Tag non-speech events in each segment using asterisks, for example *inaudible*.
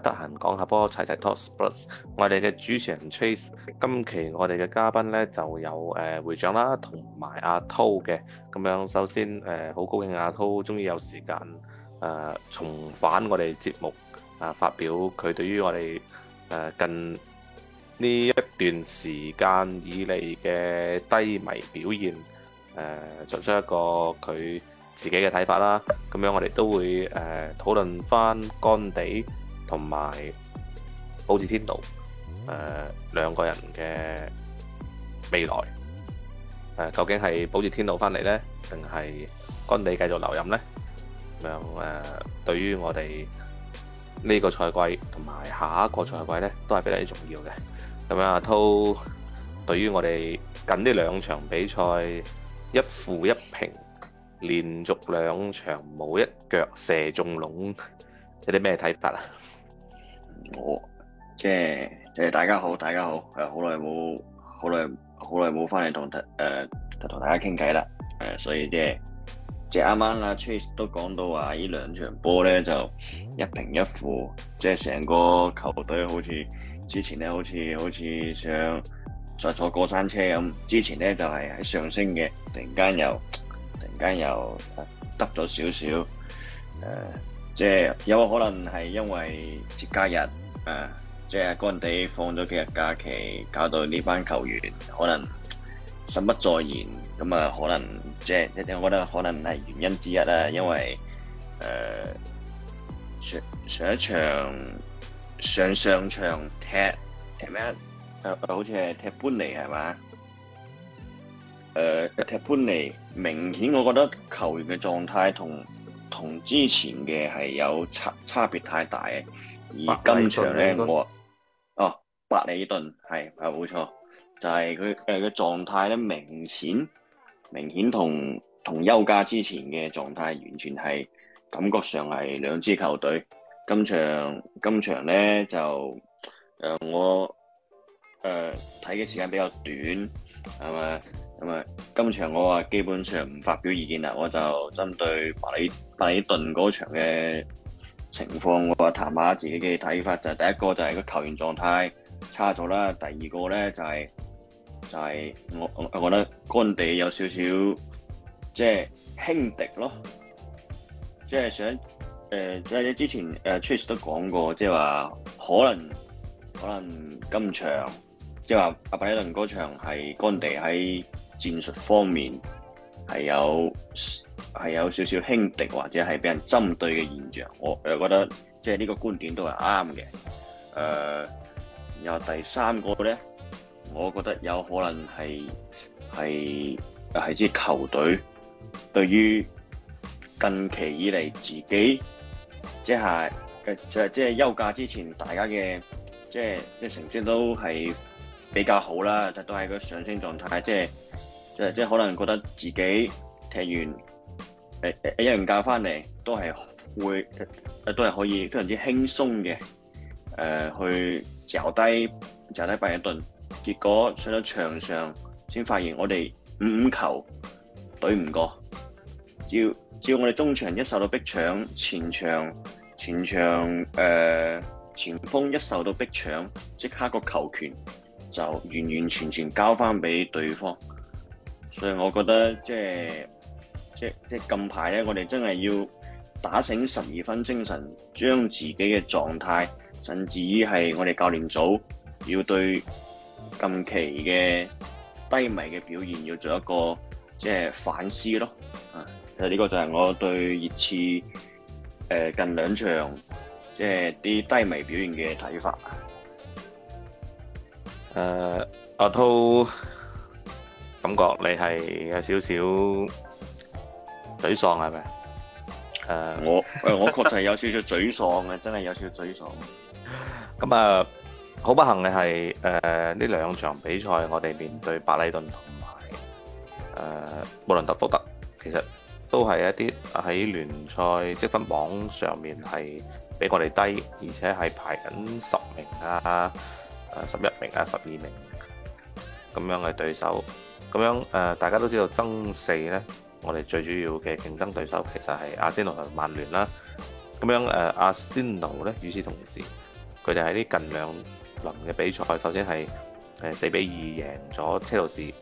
得閒講下波，齊齊 Talk Spurs 我哋嘅主持人 Chase，今期我哋嘅嘉賓咧就由誒會長啦，同埋阿濤嘅咁樣。首先誒，好高興阿濤終於有時間誒、呃、重返我哋節目啊，發表佢對於我哋誒、呃、近呢一段時間以嚟嘅低迷表現誒作、呃、出一個佢自己嘅睇法啦。咁樣我哋都會誒、呃、討論翻干地。同埋保志天道，誒、呃、兩個人嘅未來誒、呃，究竟係保志天道翻嚟咧，定係干地繼續留任咧？咁樣誒，對於我哋呢個賽季同埋下一個賽季咧，都係非常之重要嘅。咁樣阿濤，對於我哋近呢兩場比賽一負一平，連續兩場冇一腳射中籠，有啲咩睇法啊？我即係即係大家好，大家好，誒、啊，好耐冇，好耐，好耐冇翻嚟同大誒同大家傾偈啦，誒、啊，所以即係即係啱啱阿 Chase 都講到話呢兩場波咧就一平一負，即係成個球隊好似之前咧，好似好似上在坐過山車咁，之前咧就係、是、喺上升嘅，突然間又突然間又耷咗少少，誒、啊，即、就、係、是、有可能係因為節假日。誒，即係、啊就是、乾地放咗幾日假期，搞到呢班球員可能心不在焉，咁啊，可能即係一定，我覺得可能係原因之一啦。因為誒、呃、上上一場上上場踢踢咩？好似係踢搬尼係嘛？誒，踢搬、啊、尼、啊、踢尼明顯我覺得球員嘅狀態同同之前嘅係有差差別太大嘅。而今場咧，我啊，哦，白里頓係係冇錯，就係佢誒個狀態咧，明顯明顯同同休假之前嘅狀態完全係感覺上係兩支球隊今場今場咧就誒、呃、我誒睇嘅時間比較短係咪咁，啊，今場我話基本上唔發表意見啦，我就針對白里白里頓嗰場嘅。情況我話談一下自己嘅睇法，就係、是、第一個就係個球員狀態差咗啦，第二個咧就係、是、就係、是、我我覺得干地有少少即係、就是、輕敵咯，即、就、係、是、想誒即係之前誒 Chase 都講過，即係話可能可能今場即係話阿拜倫嗰場係干地喺戰術方面。係有係有少少輕敵或者係俾人針對嘅現象，我又覺得即係呢個觀點都係啱嘅。誒、呃，然後第三個咧，我覺得有可能係係係支球隊對於近期以嚟自己，即係即係即係休假之前大家嘅即係即係成績都係比較好啦，但都係個上升狀態，即係。即係可能覺得自己踢完誒誒一人教翻嚟，都係會誒，都係可以非常之輕鬆嘅誒去嚼低，嚼低白禮頓。結果上咗場上，先發現我哋五五球懟唔過，只要只要我哋中場一受到逼搶，前場前場誒、呃、前鋒一受到逼搶，即刻個球權就完完全全交翻俾對方。所以我覺得即係即即近排咧，我哋真係要打醒十二分精神，將自己嘅狀態，甚至於係我哋教練組要對近期嘅低迷嘅表現，要做一個即係反思咯。啊，其實呢個就係我對熱刺誒近兩場即係啲低迷表現嘅睇法。誒、啊，阿、啊、濤。感覺你係有少少沮喪係咪？誒我誒我確實有少少沮喪嘅， *laughs* 真係有少少沮喪。咁啊，好不幸嘅係誒呢兩場比賽，我哋面對白禮頓同埋誒布倫特福特，其實都係一啲喺聯賽積分榜上面係比我哋低，而且係排緊十名啊、誒十一名啊、十二名咁樣嘅對手，咁樣誒、呃，大家都知道爭四呢，我哋最主要嘅競爭對手其實係阿仙奴同曼聯啦。咁樣誒、呃，阿仙奴呢，與此同時，佢哋喺呢近兩輪嘅比賽，首先係誒四比二贏咗車路士誒、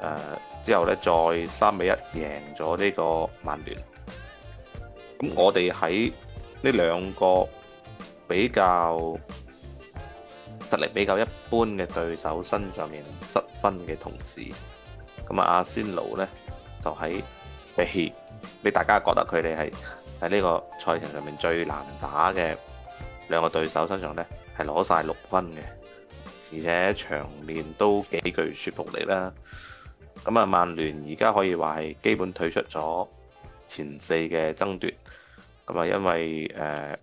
呃，之後呢，再三比一贏咗呢個曼聯。咁我哋喺呢兩個比較實力比較一般嘅對手身上面失分嘅同時，咁啊！阿仙奴呢，就喺、是、被俾大家覺得佢哋係喺呢個賽程上面最難打嘅兩個對手身上呢，係攞晒六分嘅，而且場面都幾具說服力啦。咁啊，曼聯而家可以話係基本退出咗前四嘅爭奪。咁啊，因為誒、呃、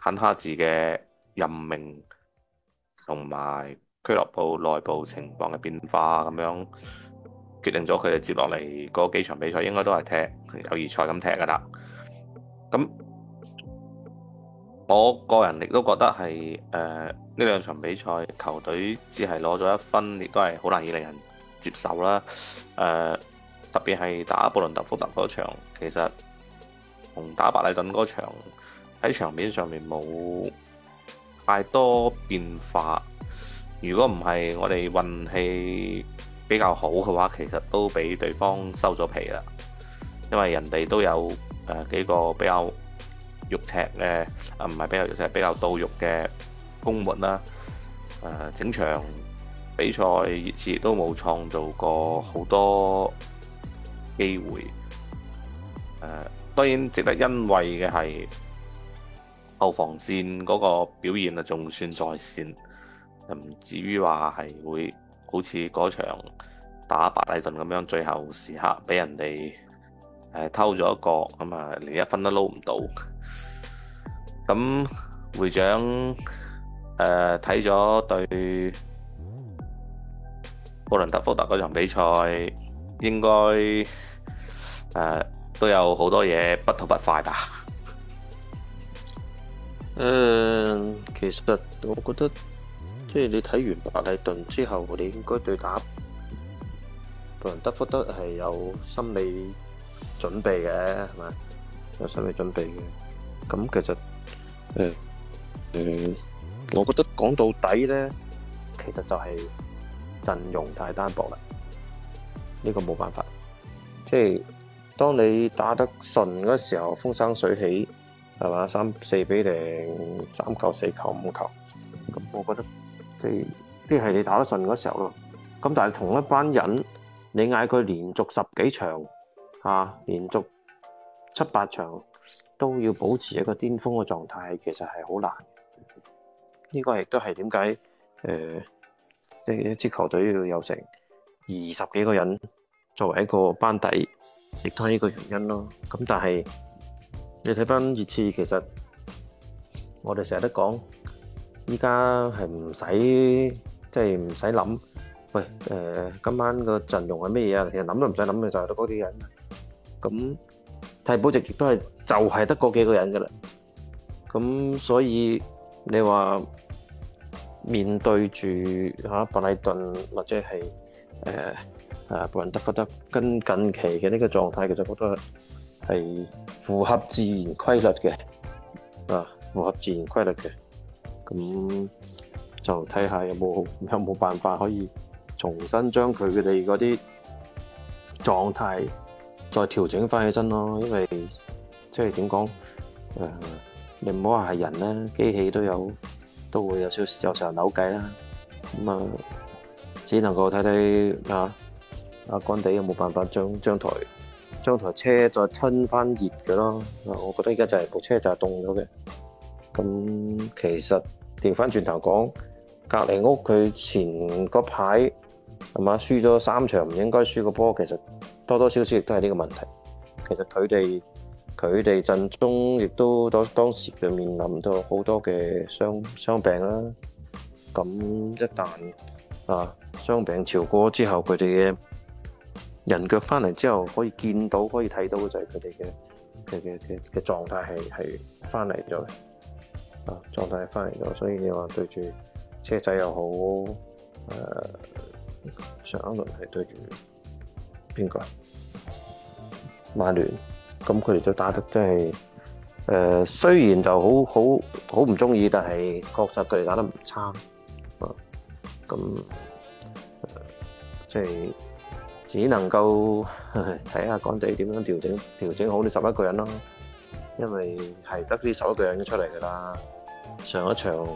肯哈治嘅任命同埋俱樂部內部情況嘅變化咁樣。決定咗佢哋接落嚟嗰幾場比賽應該都係踢友誼賽咁踢噶啦。咁，我個人亦都覺得係誒呢兩場比賽球隊只係攞咗一分，亦都係好難以令人接受啦。誒、呃，特別係打布倫特福特嗰場，其實同打白禮頓嗰場喺場面上面冇太多變化。如果唔係我哋運氣比較好嘅話，其實都俾對方收咗皮啦，因為人哋都有誒、呃、幾個比較肉赤嘅，啊唔係比較肉赤，比較到肉嘅攻門啦，誒、呃、整場比賽熱刺都冇創造過好多機會，誒、呃、當然值得欣慰嘅係後防線嗰個表現啊仲算在線，唔至於話係會。好似嗰場打白禮頓咁樣，最後時刻俾人哋誒偷咗一個，咁啊連一分都撈唔到。咁會長誒睇咗對布倫特福特嗰場比賽，應該誒、呃、都有好多嘢不吐不快吧？嗯，其實我覺得。即係你睇完白禮頓之後，你應該對打布倫特福特係有心理準備嘅，係嘛？有心理準備嘅。咁其實，誒，我覺得講到底咧，其實就係陣容太單薄啦。呢個冇辦法。即係當你打得順嗰時候，風生水起，係嘛？三四比零，三球、四球、五球，咁我覺得。即係你打得順嗰時候咯，咁但係同一班人，你嗌佢連續十幾場啊，連續七八場都要保持一個巔峰嘅狀態，其實係好難。呢、這個亦都係點解誒，即、呃、係一支球隊要有成二十幾個人作為一個班底，亦都係呢個原因咯。咁但係你睇翻熱刺，其實我哋成日都講。依家係唔使，即係唔使諗。喂，誒，今晚個陣容係咩嘢啊？其實諗都唔使諗，就係得嗰啲人。咁，替補席亦都係就係得嗰幾個人噶啦。咁所以你話面對住嚇白禮頓或者係誒誒布倫特福德，跟近期嘅呢個狀態，其實我覺得係符合自然規律嘅，啊，符合自然規律嘅。咁就睇下有冇有冇辦法可以重新將佢佢哋嗰啲狀態再調整翻起身咯，因為即係點講誒，你唔好話係人咧，機器都有都會有少有時候扭計啦。咁啊，只能夠睇睇啊啊干地有冇辦法將，將台將台車再吞翻熱嘅咯。嗱，我覺得而家就係、係、部車就係凍咗嘅。咁其實調翻轉頭講，隔離屋佢前嗰排係嘛，輸咗三場唔應該輸嘅波，其實多多少少亦都係呢個問題。其實佢哋佢哋陣中亦都當當時就面臨到好多嘅傷傷病啦。咁一旦啊傷病潮過之後，佢哋嘅人腳翻嚟之後，可以見到可以睇到嘅就係佢哋嘅嘅嘅嘅狀態係係翻嚟咗。啊！狀態翻嚟咗，所以你話對住車仔又好，誒、呃、上一輪係對住邊個？曼聯，咁佢哋都打得真係誒、呃，雖然就好好好唔中意，但係確實佢哋打得唔差。啊，咁、呃、即係只能夠睇下干地點樣調整，調整好呢十一個人咯，因為係得呢十一個人已經出嚟噶啦。上一場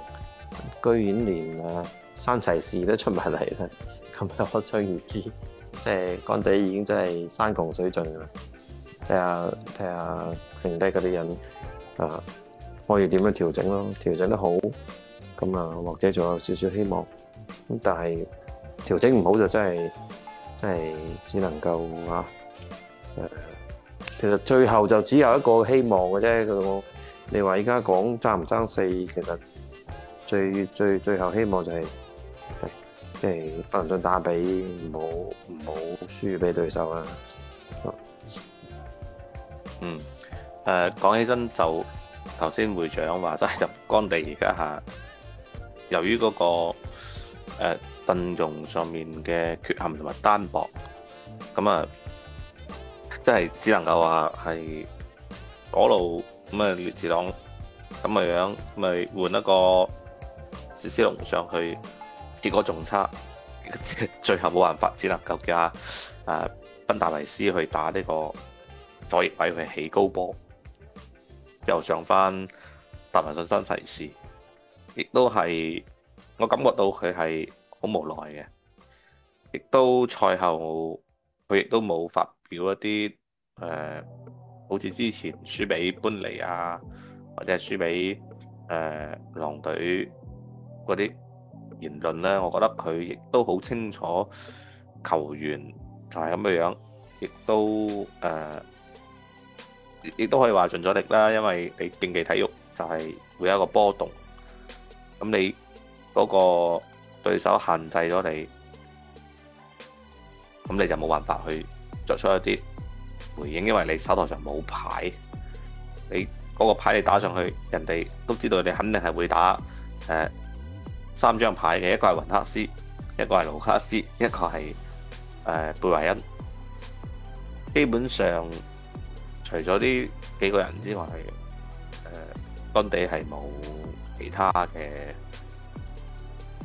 居然連啊山齊士都出埋嚟啦，咁可想而知即係乾地已經真係山窮水盡啦，睇下睇下剩低嗰啲人啊，可以點樣調整咯。調整得好咁啊，或者仲有少少希望。咁但係調整唔好就真係真係只能夠啊。其實最後就只有一個希望嘅啫，個。你話而家講爭唔爭四，其實最最最後希望就係、是，即係不能打打俾，唔好唔好輸俾對手啊！嗯，誒、呃，講起身就頭先會長話就係、是、干地而家吓，由於嗰、那個誒陣、呃、容上面嘅缺陷同埋單薄，咁啊，即係只能夠話係嗰路。咁啊！列治朗咁咪樣咪換一個史斯隆上去，結果仲差，最後冇辦法，只能夠叫阿阿賓達維斯去打呢個左翼位去起高波，又上翻達文信，新世事亦都係我感覺到佢係好無奈嘅，亦都賽後佢亦都冇發表一啲誒。呃好似之前輸俾般尼啊，或者係輸俾誒、呃、狼隊嗰啲言論咧，我覺得佢亦都好清楚球員就係咁嘅樣，亦都誒，亦、呃、都可以話盡咗力啦。因為你競技體育就係會有一個波動，咁你嗰個對手限制咗你，咁你就冇辦法去作出一啲回應，因為你手台上冇牌，你嗰個牌你打上去，人哋都知道你肯定係會打誒、呃、三張牌嘅，一個係雲克斯，一個係盧卡斯，一個係誒、呃、貝華恩。基本上，除咗呢幾個人之外，誒、呃、干地係冇其他嘅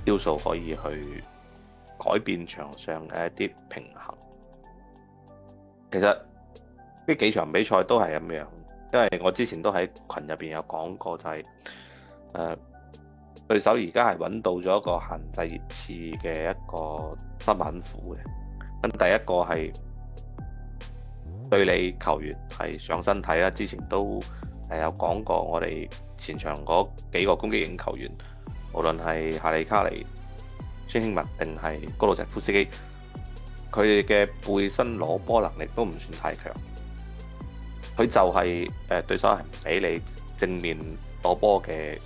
要素可以去改變場上嘅一啲平衡。其實。呢幾場比賽都係咁樣，因為我之前都喺群入邊有講過、就是，就係誒對手而家係揾到咗一個限制熱刺嘅一個新聞庫嘅。咁第一個係對你球員係上身體啦。之前都誒有講過，我哋前場嗰幾個攻擊型球員，無論係夏利卡尼、孫興文定係高魯什夫斯基，佢哋嘅背身攞波能力都唔算太強。佢就係誒對手係唔俾你正面攞波嘅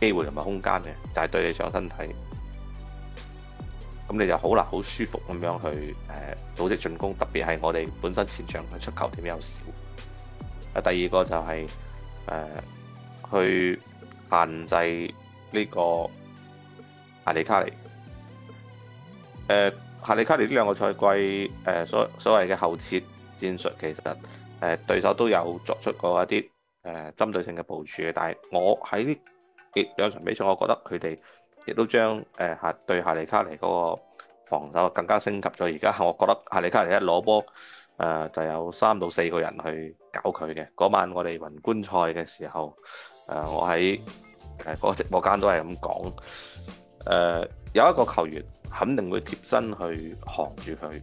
機會同埋空間嘅，就係、是、對你上身體。咁你就好難好舒服咁樣去誒組織進攻，特別係我哋本身前場嘅出球點又少。啊，第二個就係、是、誒、呃、去限制呢個哈利卡尼。誒、呃、哈利卡尼呢兩個賽季誒所所謂嘅後撤戰術其實。誒、呃、對手都有作出過一啲誒、呃、針對性嘅部署嘅，但係我喺呢兩場比賽，我覺得佢哋亦都將誒嚇、呃、對哈利卡尼嗰個防守更加升級咗。而家我覺得哈利卡尼一攞波，誒、呃、就有三到四個人去搞佢嘅。嗰晚我哋雲觀賽嘅時候，誒、呃、我喺誒嗰直播間都係咁講，誒、呃、有一個球員肯定會貼身去防住佢，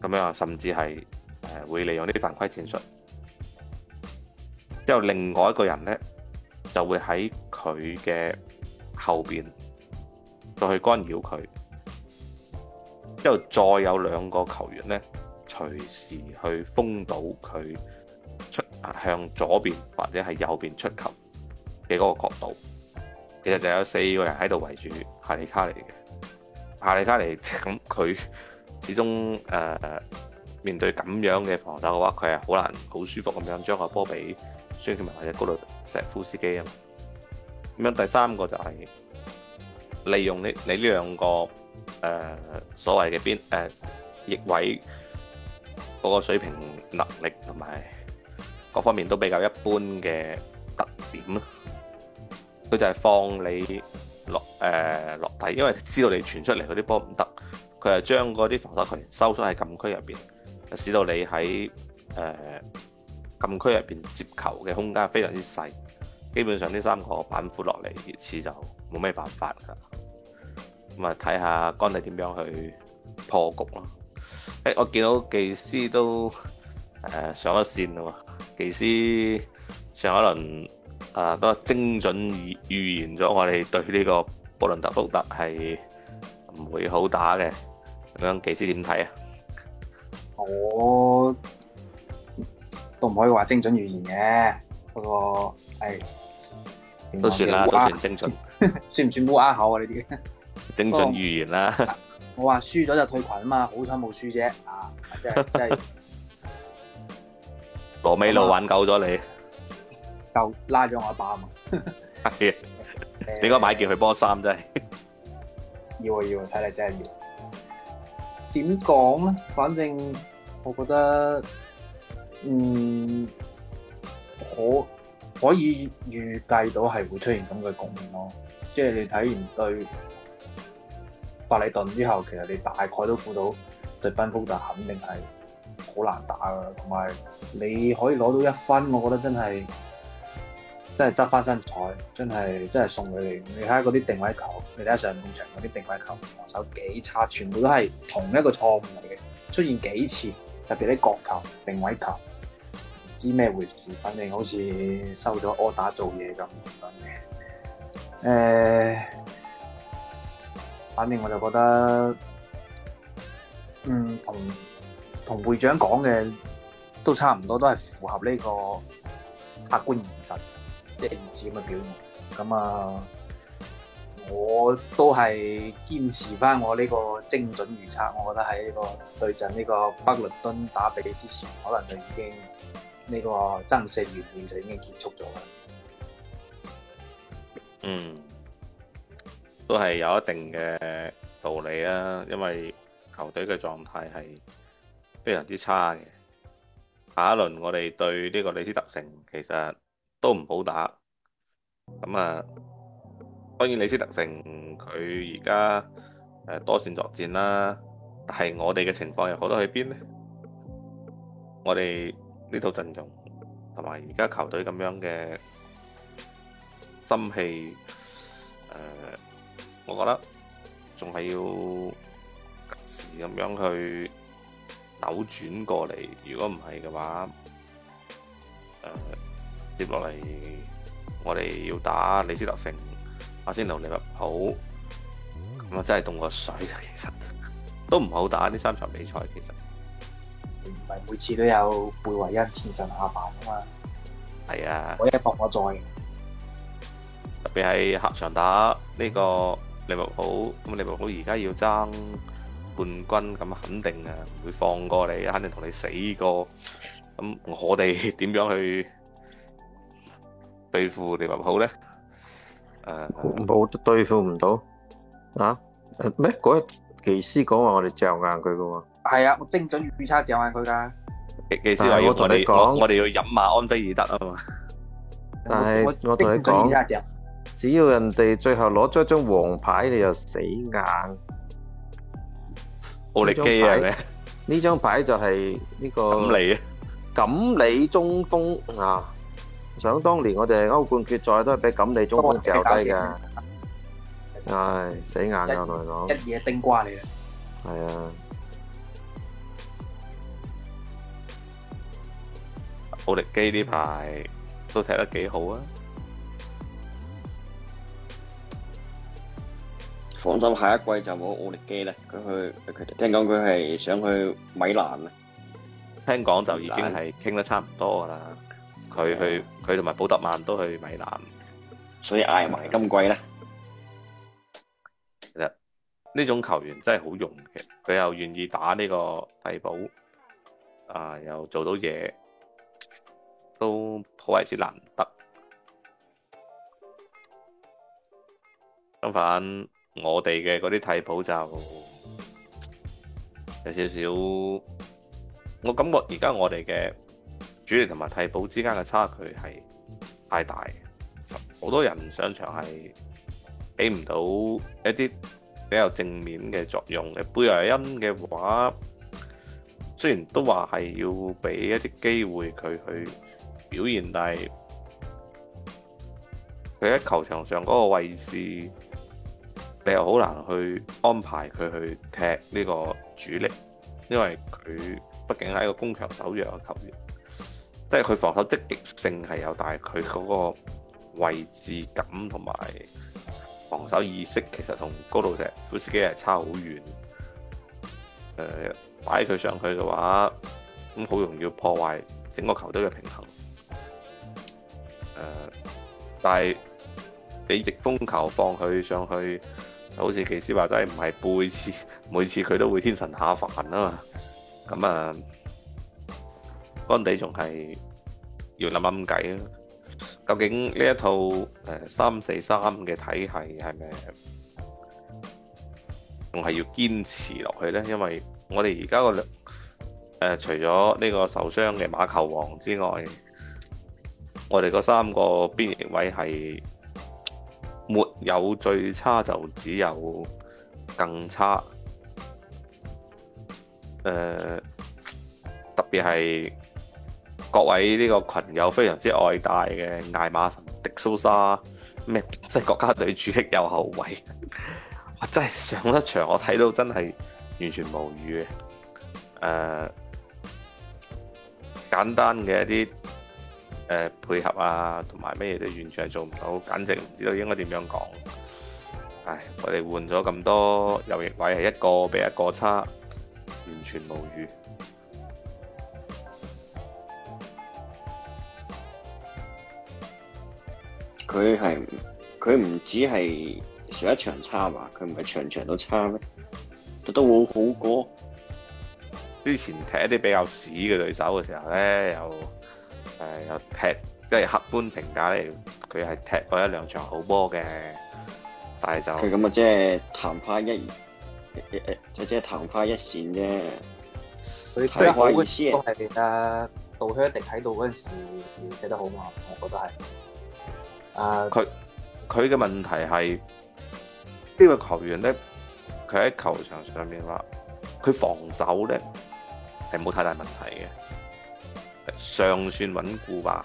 咁樣甚至係。誒，會利用呢啲犯規戰術，之後另外一個人咧就會喺佢嘅後邊再去干擾佢，之後再有兩個球員咧隨時去封堵佢出向左邊或者係右邊出球嘅嗰個角度。其實就有四個人喺度圍住哈利卡尼嘅，哈利卡尼咁佢始終誒。呃面對咁樣嘅防守嘅話，佢係好難好舒服咁樣將個波俾孫權或者高達石夫斯基啊。咁樣第三個就係、是、利用你你呢兩個誒、呃、所謂嘅邊誒翼位嗰個水平能力同埋各方面都比較一般嘅特點啦。佢就係放你落誒、呃、落底，因為知道你傳出嚟嗰啲波唔得，佢係將嗰啲防守球員收縮喺禁區入邊。使到你喺誒禁區入邊接球嘅空間非常之細，基本上呢三個板斧落嚟，一次就冇咩辦法啦。咁啊，睇下干地點樣去破局咯。誒，我見到技師都誒上咗線啊嘛。技師上一輪啊都係精準預預言咗我哋對呢個布倫特福特係唔會好打嘅，咁樣技師點睇啊？我都唔可以話精準預言嘅，不過係都算啦，沒都算精準， *laughs* 算唔算烏鴉口啊？你啲精準預言啦、哦，我話輸咗就退群啊嘛，好彩冇輸啫啊！即係即係羅美露玩夠咗你，又、啊、拉咗我一把嘛？點 *laughs* 解 *laughs* *laughs* 買件去波衫啫？要要睇你真係要。點講咧？反正我覺得，嗯，可可以預計到係會出現咁嘅局面咯。即係你睇完對白禮頓之後，其實你大概都估到對奔福特肯定係好難打噶，同埋你可以攞到一分，我覺得真係。真係執翻身材，真係真係送畀你。你睇下嗰啲定位球，你睇下上半場嗰啲定位球防守幾差，全部都係同一個錯誤嚟嘅，出現幾次。特別啲角球、定位球，唔知咩回事。反正好似收咗柯打做嘢咁。誒、呃，反正我就覺得，嗯，同同會長講嘅都差唔多，都係符合呢個客觀現實。即係如此咁嘅表現，咁啊，我都係堅持翻我呢個精準預測，我覺得喺呢個對陣呢個北倫敦打比之前，可能就已經呢、呢個爭四懸念就已經結束咗啦。嗯，都係有一定嘅道理啦、啊，因為球隊嘅狀態係非常之差嘅。下一輪我哋對呢個李斯特城，其實～都唔好打，咁啊，當然李斯特城佢而家誒多線作戰啦，但係我哋嘅情況又好得去邊呢？我哋呢套陣容同埋而家球隊咁樣嘅心氣誒、呃，我覺得仲係要及時咁樣去扭轉過嚟，如果唔係嘅話誒。呃接落嚟，我哋要打李斯特城，阿仙奴、利物浦，咁啊、嗯、真係凍過水。其實都唔好打呢三場比賽，其實唔係每次都有貝維恩天神下凡噶嘛，係啊，啊我一博我再，特別喺客場打呢個利物浦，咁利物浦而家要爭冠軍，咁肯定啊唔會放過你，肯定同你死過，咁我哋點樣去？對付你話好咧，誒，冇對付唔到啊？咩嗰日技師講話我哋罩硬佢噶？係啊，我精準預測罩硬佢噶。技技師話要同你，我我哋要飲馬安非爾德啊嘛。但係我我同你講，只要人哋最後攞咗一張黃牌，你又死硬。奧力基啊，呢張牌呢張牌就係呢個錦鯉啊，錦鯉中鋒啊。想當年我哋歐冠決賽都係俾咁你中鋒掉低㗎，唉，死硬嘅來講，一嘢丁瓜嚟嘅，係啊！奧力基呢排都踢得幾好啊！放心，下一季就冇奧力基啦。佢去佢聽講佢係想去米蘭啦，聽講就已經係傾得差唔多啦。佢去佢同埋保特曼都去米蘭，所以挨埋今季呢。其實呢種球員真係好用嘅，佢又願意打呢個替補，啊又做到嘢，都頗為之難得。相反，我哋嘅嗰啲替補就有少少，我感覺而家我哋嘅。主力同埋替補之間嘅差距係太大，好多人上場係俾唔到一啲比較正面嘅作用嘅。貝爾恩嘅話，雖然都話係要俾一啲機會佢去表現，但係佢喺球場上嗰個位置，你又好難去安排佢去踢呢個主力，因為佢畢竟係一個攻強守弱嘅球員。即係佢防守積極性係有，但係佢嗰個位置感同埋防守意識，其實同高路石、夫斯基係差好遠。誒、呃，擺佢上去嘅話，咁好容易破壞整個球隊嘅平衡。誒、呃，但係你逆風球放佢上去，好似奇斯話齋，唔係每次，每次佢都會天神下凡啊嘛。咁、嗯、啊～、呃干地仲係要諗諗計啦！究竟呢一套三四三嘅體系係咪，仲係要堅持落去呢？因為我哋而家個誒除咗呢個受傷嘅馬球王之外，我哋嗰三個邊翼位係沒有最差，就只有更差。誒、呃、特別係。各位呢個群友非常之愛戴嘅艾馬迪蘇莎，咩即係國家隊主力右後衛 *laughs* 我真係上得場，我睇到真係完全無語。誒、呃，簡單嘅一啲、呃、配合啊，同埋咩嘢都完全係做唔到，簡直唔知道應該點樣講。唉，我哋換咗咁多右翼位，係一個比一個差，完全無語。佢係佢唔止係上一場差嘛，佢唔係場場都差咩？都都好好過之前踢一啲比較屎嘅對手嘅時候咧，有誒又、呃、踢即係客觀評價嚟，佢係踢過一兩場好波嘅，但係就佢咁啊，即係曇花一誒即係曇花一閃啫。睇開都係啊，杜香迪喺度嗰陣時踢得好嘛，我覺得係。佢佢嘅問題係呢個球員咧，佢喺球場上面話佢防守咧係冇太大問題嘅，尚算穩固吧。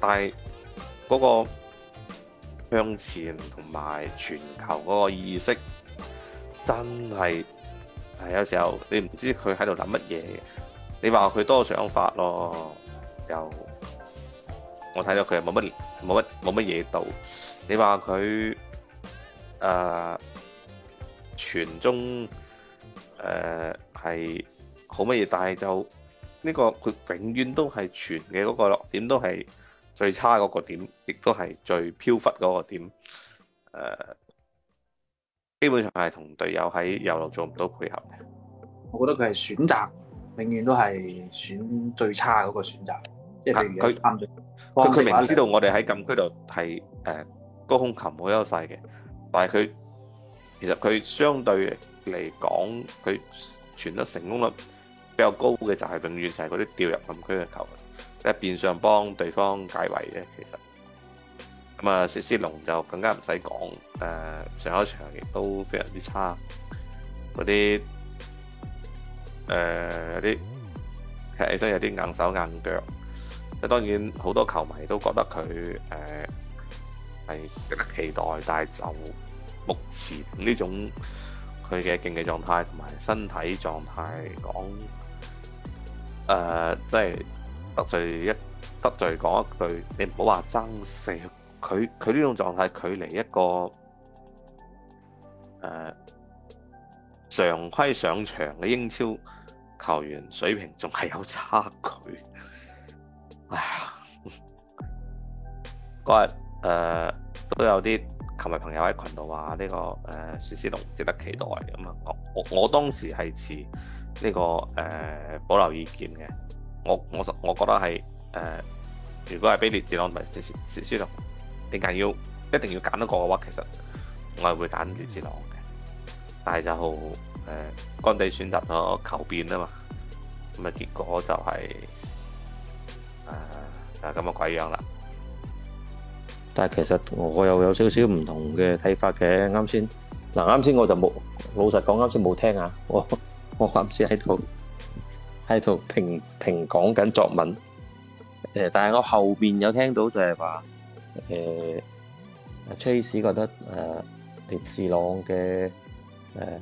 但係嗰個向前同埋全球嗰個意識真係係有時候你唔知佢喺度諗乜嘢，你話佢多想法咯又。我睇到佢又冇乜冇乜冇乜嘢到，你話佢誒傳中誒係、呃、好乜嘢？但係就呢、這個佢永遠都係傳嘅嗰個落點都係最差嗰個點，亦都係最飄忽嗰個點、呃。基本上係同隊友喺遊路做唔到配合嘅。我覺得佢係選擇，永遠都係選最差嗰個選擇。佢佢明知道我哋喺禁區度係誒高空球冇優勢嘅，但係佢其實佢相對嚟講，佢傳得成功率比較高嘅就係永遠就係嗰啲掉入禁區嘅球，即係變相幫對方解圍嘅。其實咁啊，薛斯隆就更加唔使講誒，上一場亦都非常之差，嗰啲誒有啲踢起身有啲硬手硬腳。咁當然好多球迷都覺得佢誒係值得期待，但係就目前呢種佢嘅競技狀態同埋身體狀態講，誒即係得罪一得罪講一句，你唔好話爭四，佢佢呢種狀態距離一個誒、呃、常規上場嘅英超球員水平仲係有差距。哎嗰日誒都有啲球迷朋友喺群度話呢個誒薛斯龍值得期待。咁、嗯、啊！我我我當時係持呢個誒、呃、保留意見嘅，我我我覺得係誒、呃、如果係比列治朗同埋雪斯薛斯龍，點解要一定要揀一個嘅話，其實我係會揀列治朗嘅，但係就誒、呃、干地選擇咗求變啊嘛，咁啊結果就係、是。誒，咁嘅、啊、鬼樣啦。但係其實我又有少少唔同嘅睇法嘅。啱先嗱，啱先我就冇老實講，啱先冇聽啊。我我啱先喺度喺度評評講緊作文。誒，但係我後邊有聽到就係話，誒、呃，阿 Chase 覺得誒列志朗嘅誒、呃、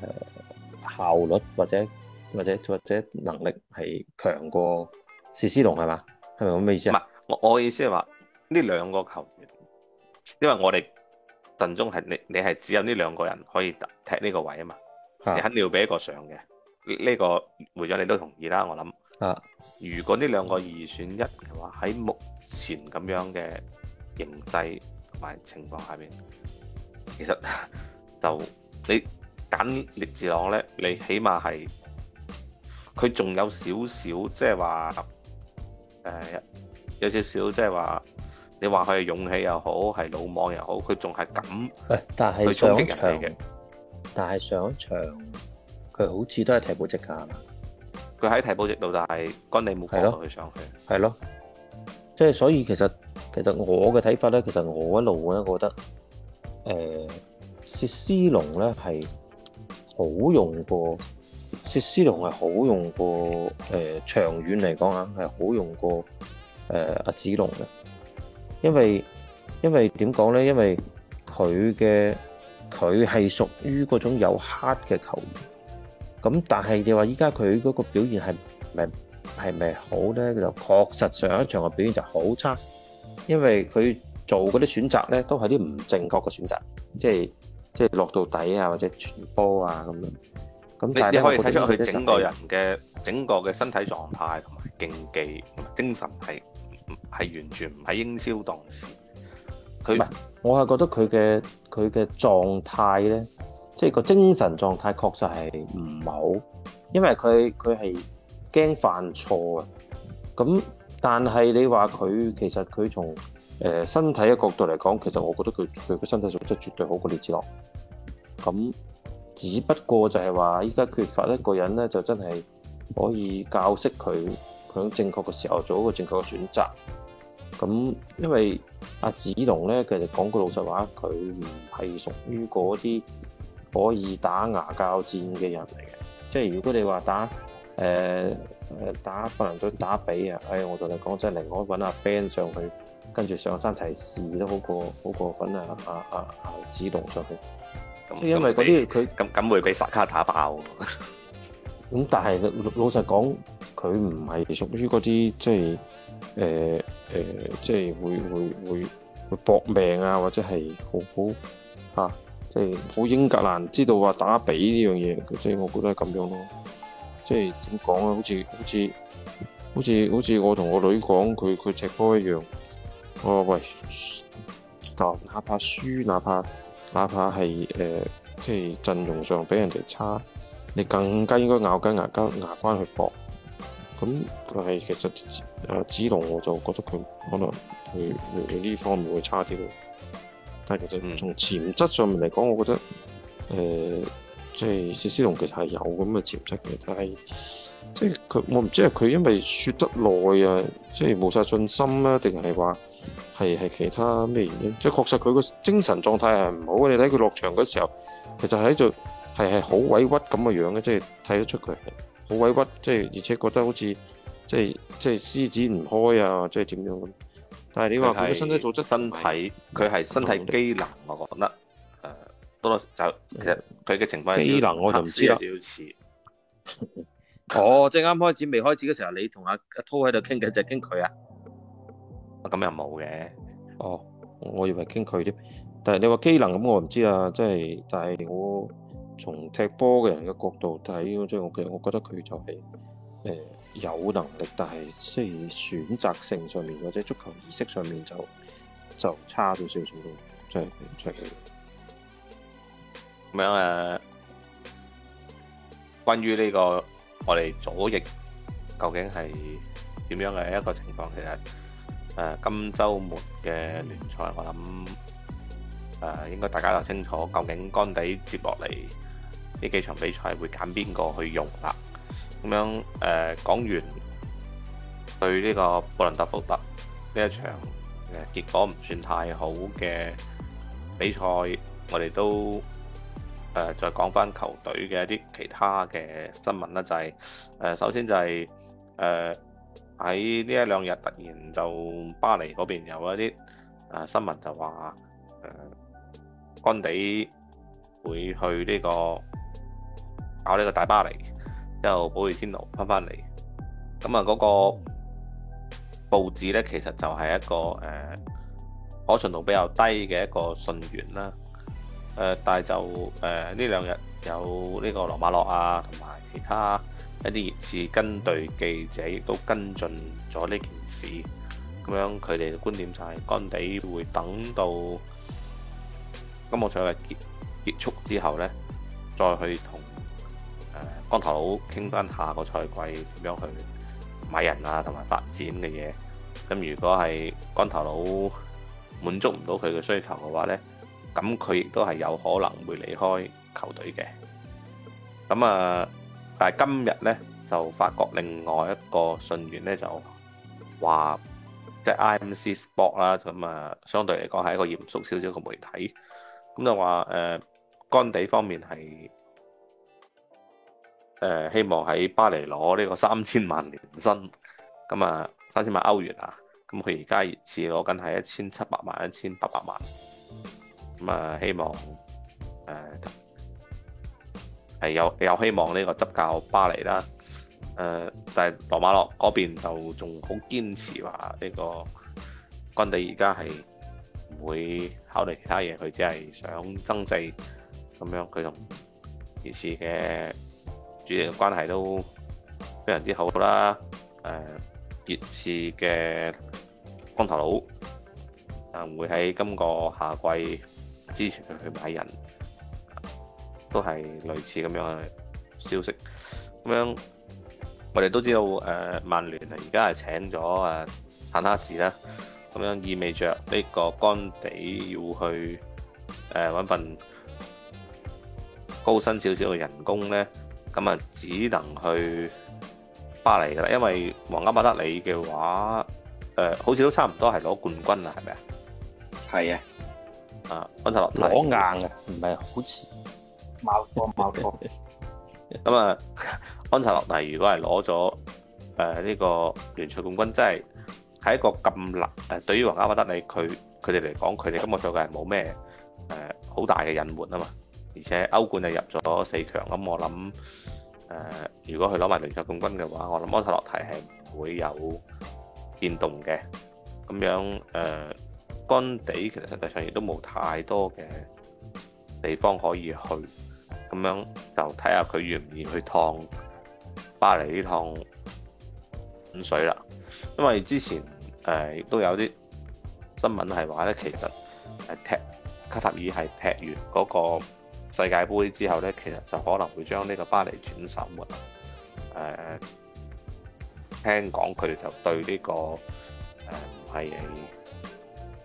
效率或者或者或者能力係強過史斯龍係嘛？咪咁嘅意思？唔係，我我嘅意思係話呢兩個球員，因為我哋陣中係你你係只有呢兩個人可以踢呢個位啊嘛，啊你肯定要俾一個上嘅。呢個會長你都同意啦，我諗。啊，如果呢兩個二選一嘅話，喺目前咁樣嘅形勢同埋情況下邊，其實就你揀烈志朗咧，你起碼係佢仲有少少，即係話。誒、嗯、有少少即係話，你話佢係勇氣又好，係魯莽又好，佢仲係咁去衝擊人哋嘅。但係上一場，佢好似都係替補席架啦。佢喺替補席度，但係干地冇幫佢上去。係咯，即係、就是、所以其實其實我嘅睇法咧，其實我一路咧覺得，誒、欸，薛施龍咧係好用過。薛斯隆係好用過，誒、呃、長遠嚟講啊，係好用過誒阿、呃啊、子龍嘅，因為因為點講咧？因為佢嘅佢係屬於嗰種有黑嘅球員，咁但係你話依家佢嗰個表現係咪係咪好咧？佢就確實上一場嘅表現就好差，因為佢做嗰啲選擇咧都係啲唔正確嘅選擇，即係即係落到底啊或者傳波啊咁樣。你你可以睇出佢整個人嘅、就是、整個嘅身體狀態同埋競技精神係係完全唔喺英超當事。佢唔係，我係覺得佢嘅佢嘅狀態咧，即、就、係、是、個精神狀態確實係唔好，嗯、因為佢佢係驚犯錯啊。咁但係你話佢其實佢從誒、呃、身體嘅角度嚟講，其實我覺得佢佢嘅身體素質絕對好過列治樂。咁只不過就係話，依家缺乏一個人咧，就真係可以教識佢響正確嘅時候做一個正確嘅選擇。咁因為阿子龍咧，其實講句老實話，佢唔係屬於嗰啲可以打牙交戰嘅人嚟嘅。即係如果你話打誒誒、呃、打八人隊打比啊，哎，我同你講真係，寧可揾阿 Ben 上去跟住上山提示都好過好過揾啊啊啊子龍上去。即係因為嗰啲佢咁，咁會俾薩卡打爆，咁但係老實講，佢唔係屬於嗰啲即係誒誒，即係、欸欸、會會會會搏命啊，或者係好好吓，即係好英格蘭知道話打比呢樣嘢，即係我覺得係咁樣咯。即係點講啊？好似好似好似好似我同我女講佢佢踢波一樣。哦喂，就哪怕輸，哪怕。哪怕哪怕係即係陣容上比人哋差，你更加應該咬緊牙根牙關去搏。咁但係其實阿子龍我就覺得佢可能會會呢方面會差啲咯。但係其實從潛質上面嚟講，我覺得誒即係薛思龍其實係有咁嘅潛質嘅，但係即係佢我唔知係佢因為説得耐啊，即係冇晒信心啦，定係話？係係其他咩原因？即係確實佢個精神狀態係唔好嘅。你睇佢落場嘅時候，其實喺度做係係好委屈咁嘅樣嘅，即係睇得出佢係好委屈。即係而且覺得好似即係即係施展唔開啊，即係點樣咁。但係你話佢身體做出身體，佢係身體機能，我覺得誒、呃，多咗就其實佢嘅情況係黑絲少少似。哦，即係啱開始未開始嘅時候，你同阿阿濤喺度傾緊就傾佢啊。咁又冇嘅。哦，我以為傾佢添，但係你話機能咁，我唔知啊。即係，但係我從踢波嘅人嘅角度睇，即係我其實我覺得佢就係誒有能力，但係即係選擇性上面或者足球意識上面就就差咗少少咯。即係出奇。咁樣誒，關於呢個我哋左翼究竟係點樣嘅一個情況，其實～誒、呃、今週末嘅聯賽，我諗誒、呃、應該大家又清楚，究竟乾地接落嚟呢幾場比賽會揀邊個去用啦。咁樣誒講、呃、完對呢個布倫特福特呢一場嘅結果唔算太好嘅比賽，我哋都誒、呃、再講翻球隊嘅一啲其他嘅新聞啦，就係、是、誒、呃、首先就係、是、誒。呃喺呢一兩日突然就巴黎嗰邊有一啲誒、啊、新聞就話誒干地會去呢、這個搞呢個大巴黎，之後保羅天奴翻翻嚟，咁啊嗰個報紙咧其實就係一個誒、呃、可信度比較低嘅一個信源啦。誒、呃，但係就誒呢兩日有呢個羅馬諾啊同埋其他。一啲熱刺跟隊記者亦都跟進咗呢件事，咁樣佢哋嘅觀點就係、是，干地會等到今個賽季結結束之後咧，再去同誒光頭佬傾翻下個賽季點樣去買人啊，同埋發展嘅嘢。咁如果係光頭佬滿足唔到佢嘅需求嘅話咧，咁佢亦都係有可能會離開球隊嘅。咁啊～、呃但係今日咧就發覺另外一個信源咧就話即係 IMC Sport 啦，咁啊相對嚟講係一個嚴肅少少嘅媒體，咁就話誒干地方面係誒希望喺巴黎攞呢個三千萬年薪，咁啊三千萬歐元啊，咁佢而家熱刺攞緊係一千七百萬、一千八百萬，咁啊希望誒。係有有希望呢個執教巴黎啦，誒、呃，但係羅馬諾嗰邊就仲好堅持話呢個干地而家係唔會考慮其他嘢，佢只係想增制咁樣，佢同熱刺嘅主席嘅關係都非常之好啦，誒、呃，熱刺嘅光頭佬可能會喺今個夏季支持佢去買人。都係類似咁樣嘅消息，咁樣我哋都知道誒、呃，曼聯現在是了啊，而家係請咗啊，滕哈治啦，咁樣意味着呢個乾地要去誒揾、呃、份高薪少少嘅人工咧，咁啊只能去巴黎噶啦，因為皇家馬德里嘅話誒、呃，好似都差唔多係攞冠軍啦，係咪啊？係啊，啊，安察洛，攞硬嘅，唔係好似。咁啊， *laughs* 安察洛提如果係攞咗誒呢個聯賽冠軍，真係係一個咁難誒。對於皇家馬德里佢佢哋嚟講，佢哋今個賽季係冇咩誒好大嘅隱瞞啊嘛。而且歐冠又入咗四強，咁我諗誒、呃，如果佢攞埋聯賽冠軍嘅話，我諗安察洛提係唔會有變動嘅。咁樣誒，干、呃、地其實實際上亦都冇太多嘅地方可以去。咁樣就睇下佢願唔願去趟巴黎呢趟水啦。因為之前亦都有啲新聞係話咧，其實誒踢卡塔爾係踢完嗰個世界盃之後咧，其實就可能會將呢個巴黎轉手嘅。誒聽講佢哋就對呢個誒唔係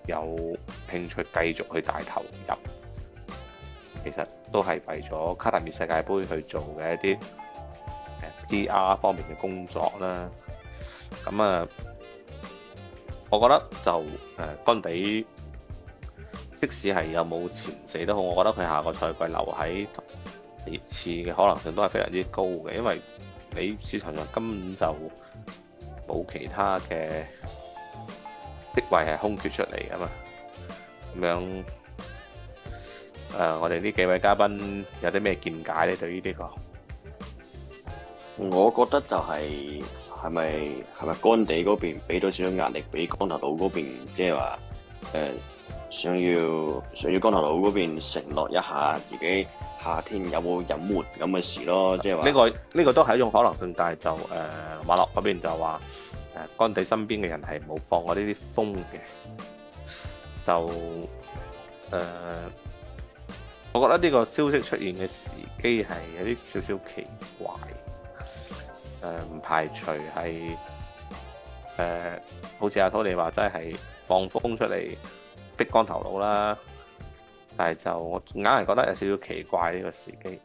有興趣繼續去大投入。其實都係為咗卡塔爾世界盃去做嘅一啲誒 PR 方面嘅工作啦。咁啊，我覺得就誒干地，即使係有冇前四都好，我覺得佢下個賽季留喺熱刺嘅可能性都係非常之高嘅，因為你市場上根本就冇其他嘅職位係空缺出嚟㗎嘛，咁樣。呃、我哋呢幾位嘉賓有啲咩見解咧？對於呢個、這個，我覺得就係係咪係咪干地嗰邊俾多少壓力俾光頭佬嗰邊？即係話誒，想要想要光頭佬嗰邊承諾一下自己夏天有冇隱瞞咁嘅事咯？即係話呢個呢、這個都係一種可能性，但係就誒、呃、馬諾嗰邊就話誒干地身邊嘅人係冇放過呢啲風嘅，就誒。呃我覺得呢個消息出現嘅時機係有啲少少奇怪，誒唔排除係誒，好似阿濤你話真係放風出嚟逼光頭佬啦，但係就我硬係覺得有少少奇怪呢個時機。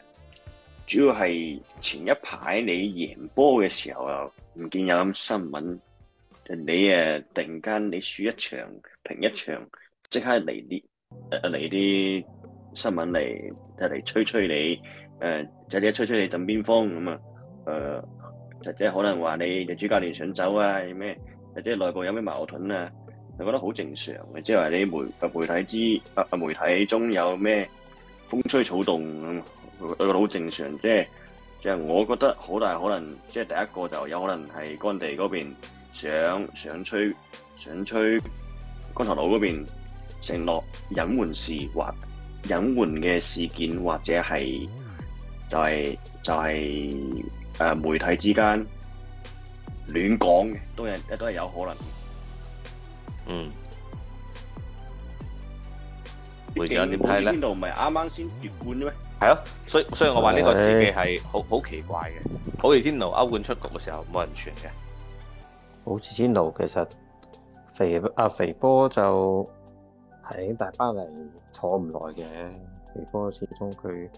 主要係前一排你贏波嘅時候又唔見有咁新聞，你誒、啊、突然間你輸一場平一場，即刻嚟啲誒嚟啲。呃新聞嚟就嚟吹吹你，誒、呃，或者吹吹你枕邊風咁啊？誒，或者可能話你嘅主教練想走啊？咩？或者內部有咩矛盾啊？我覺得好正常嘅，即係你媒媒體之啊媒體中有咩風吹草動咁，即係我覺得好正常。即係即係，我覺得好大可能，即係第一個就有可能係干地嗰邊想想吹想吹，干頭佬嗰邊承諾隱瞞事或。隱瞞嘅事件或者係就係、是、就係、是、誒、呃、媒體之間亂講嘅，都係都係有可能嘅。嗯，會長點睇咧？波捷天奴唔係啱啱先奪冠啫咩？係咯、啊，所以所以我話呢個事件係好好奇怪嘅。波捷是天奴歐冠出局嘅時候冇人傳嘅。波捷天奴其實肥阿、啊、肥波就。喺大巴黎坐唔耐嘅，肥波始終佢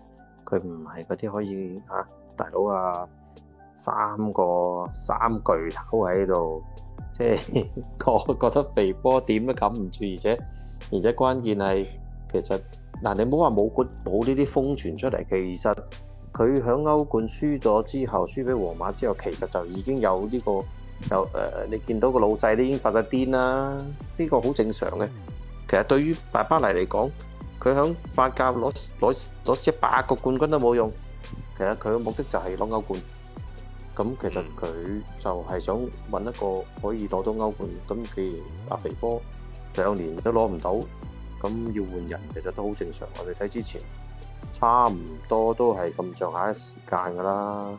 佢唔係嗰啲可以嚇、啊、大佬啊三個三巨頭喺度，即係我覺得肥波點都冚唔住，而且而且關鍵係其實嗱你唔好話冇冠冇呢啲風傳出嚟，其實佢響歐冠輸咗之後，輸俾皇馬之後，其實就已經有呢、這個就誒、呃、你見到個老細都已經發咗癲啦，呢、這個好正常嘅。其實對於大巴黎嚟講，佢響法甲攞攞攞一百個冠軍都冇用，其實佢嘅目的就係攞歐冠。咁其實佢就係想揾一個可以攞到歐冠。咁既然阿肥波兩年都攞唔到，咁要換人，其實都好正常。我哋睇之前差唔多都係咁上下時間噶啦。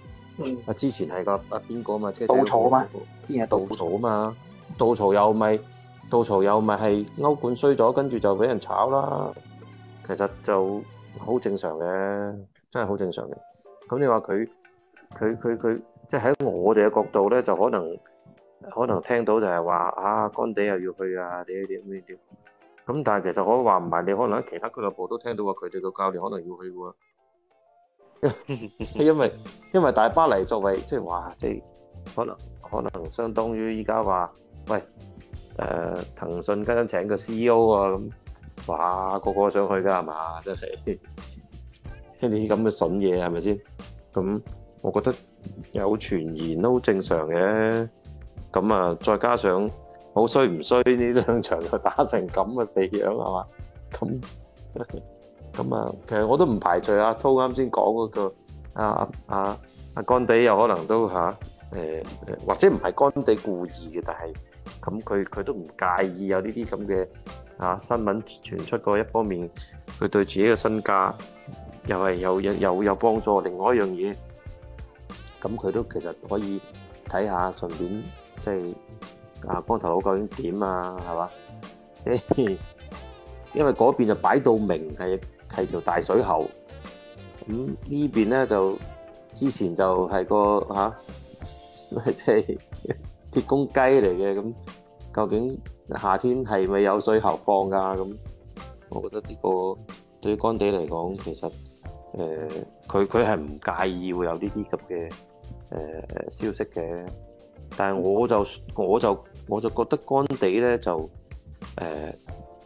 啊，之前係個啊邊個啊嘛，即係杜草啊嘛，邊係杜草啊嘛，杜草又咪。吐槽又咪係歐冠衰咗，跟住就俾人炒啦。其實就好正常嘅，真係好正常嘅。咁你話佢佢佢佢，即係喺我哋嘅角度咧，就可能可能聽到就係話啊，干地又要去啊，點點點點。咁但係其實我話唔係，你可能喺其他俱樂部都聽到話佢哋個教練可能要去喎。因為因為大巴黎作為即係話即係可能可能相當於依家話喂。誒，騰訊家陣請個 CEO 啊，咁、啊、哇，個個想去噶係嘛，真係，呢啲咁嘅筍嘢係咪先？咁我覺得有傳言都正常嘅，咁啊，再加上好衰唔衰呢兩場又打成咁嘅死樣係嘛？咁咁啊， *laughs* 其實我都唔排除阿濤啱先講嗰句，啊、那個、啊阿、啊啊、干地有可能都吓，誒、啊呃，或者唔係干地故意嘅，但係。咁佢佢都唔介意有呢啲咁嘅啊新聞傳出過。一方面，佢對自己嘅身價又係有又有，有，有幫助。另外一樣嘢，咁佢都其實可以睇下，順便即係啊光頭佬究竟點啊？係嘛？ *laughs* 因為嗰邊就擺到明係係條大水喉，咁呢邊咧就之前就係個、啊、即係。鐵公雞嚟嘅咁，究竟夏天係咪有水喉放㗎咁？我覺得呢個對於干地嚟講，其實誒佢佢係唔介意會有呢啲咁嘅誒消息嘅。但係我就我就我就覺得干地咧就誒、呃，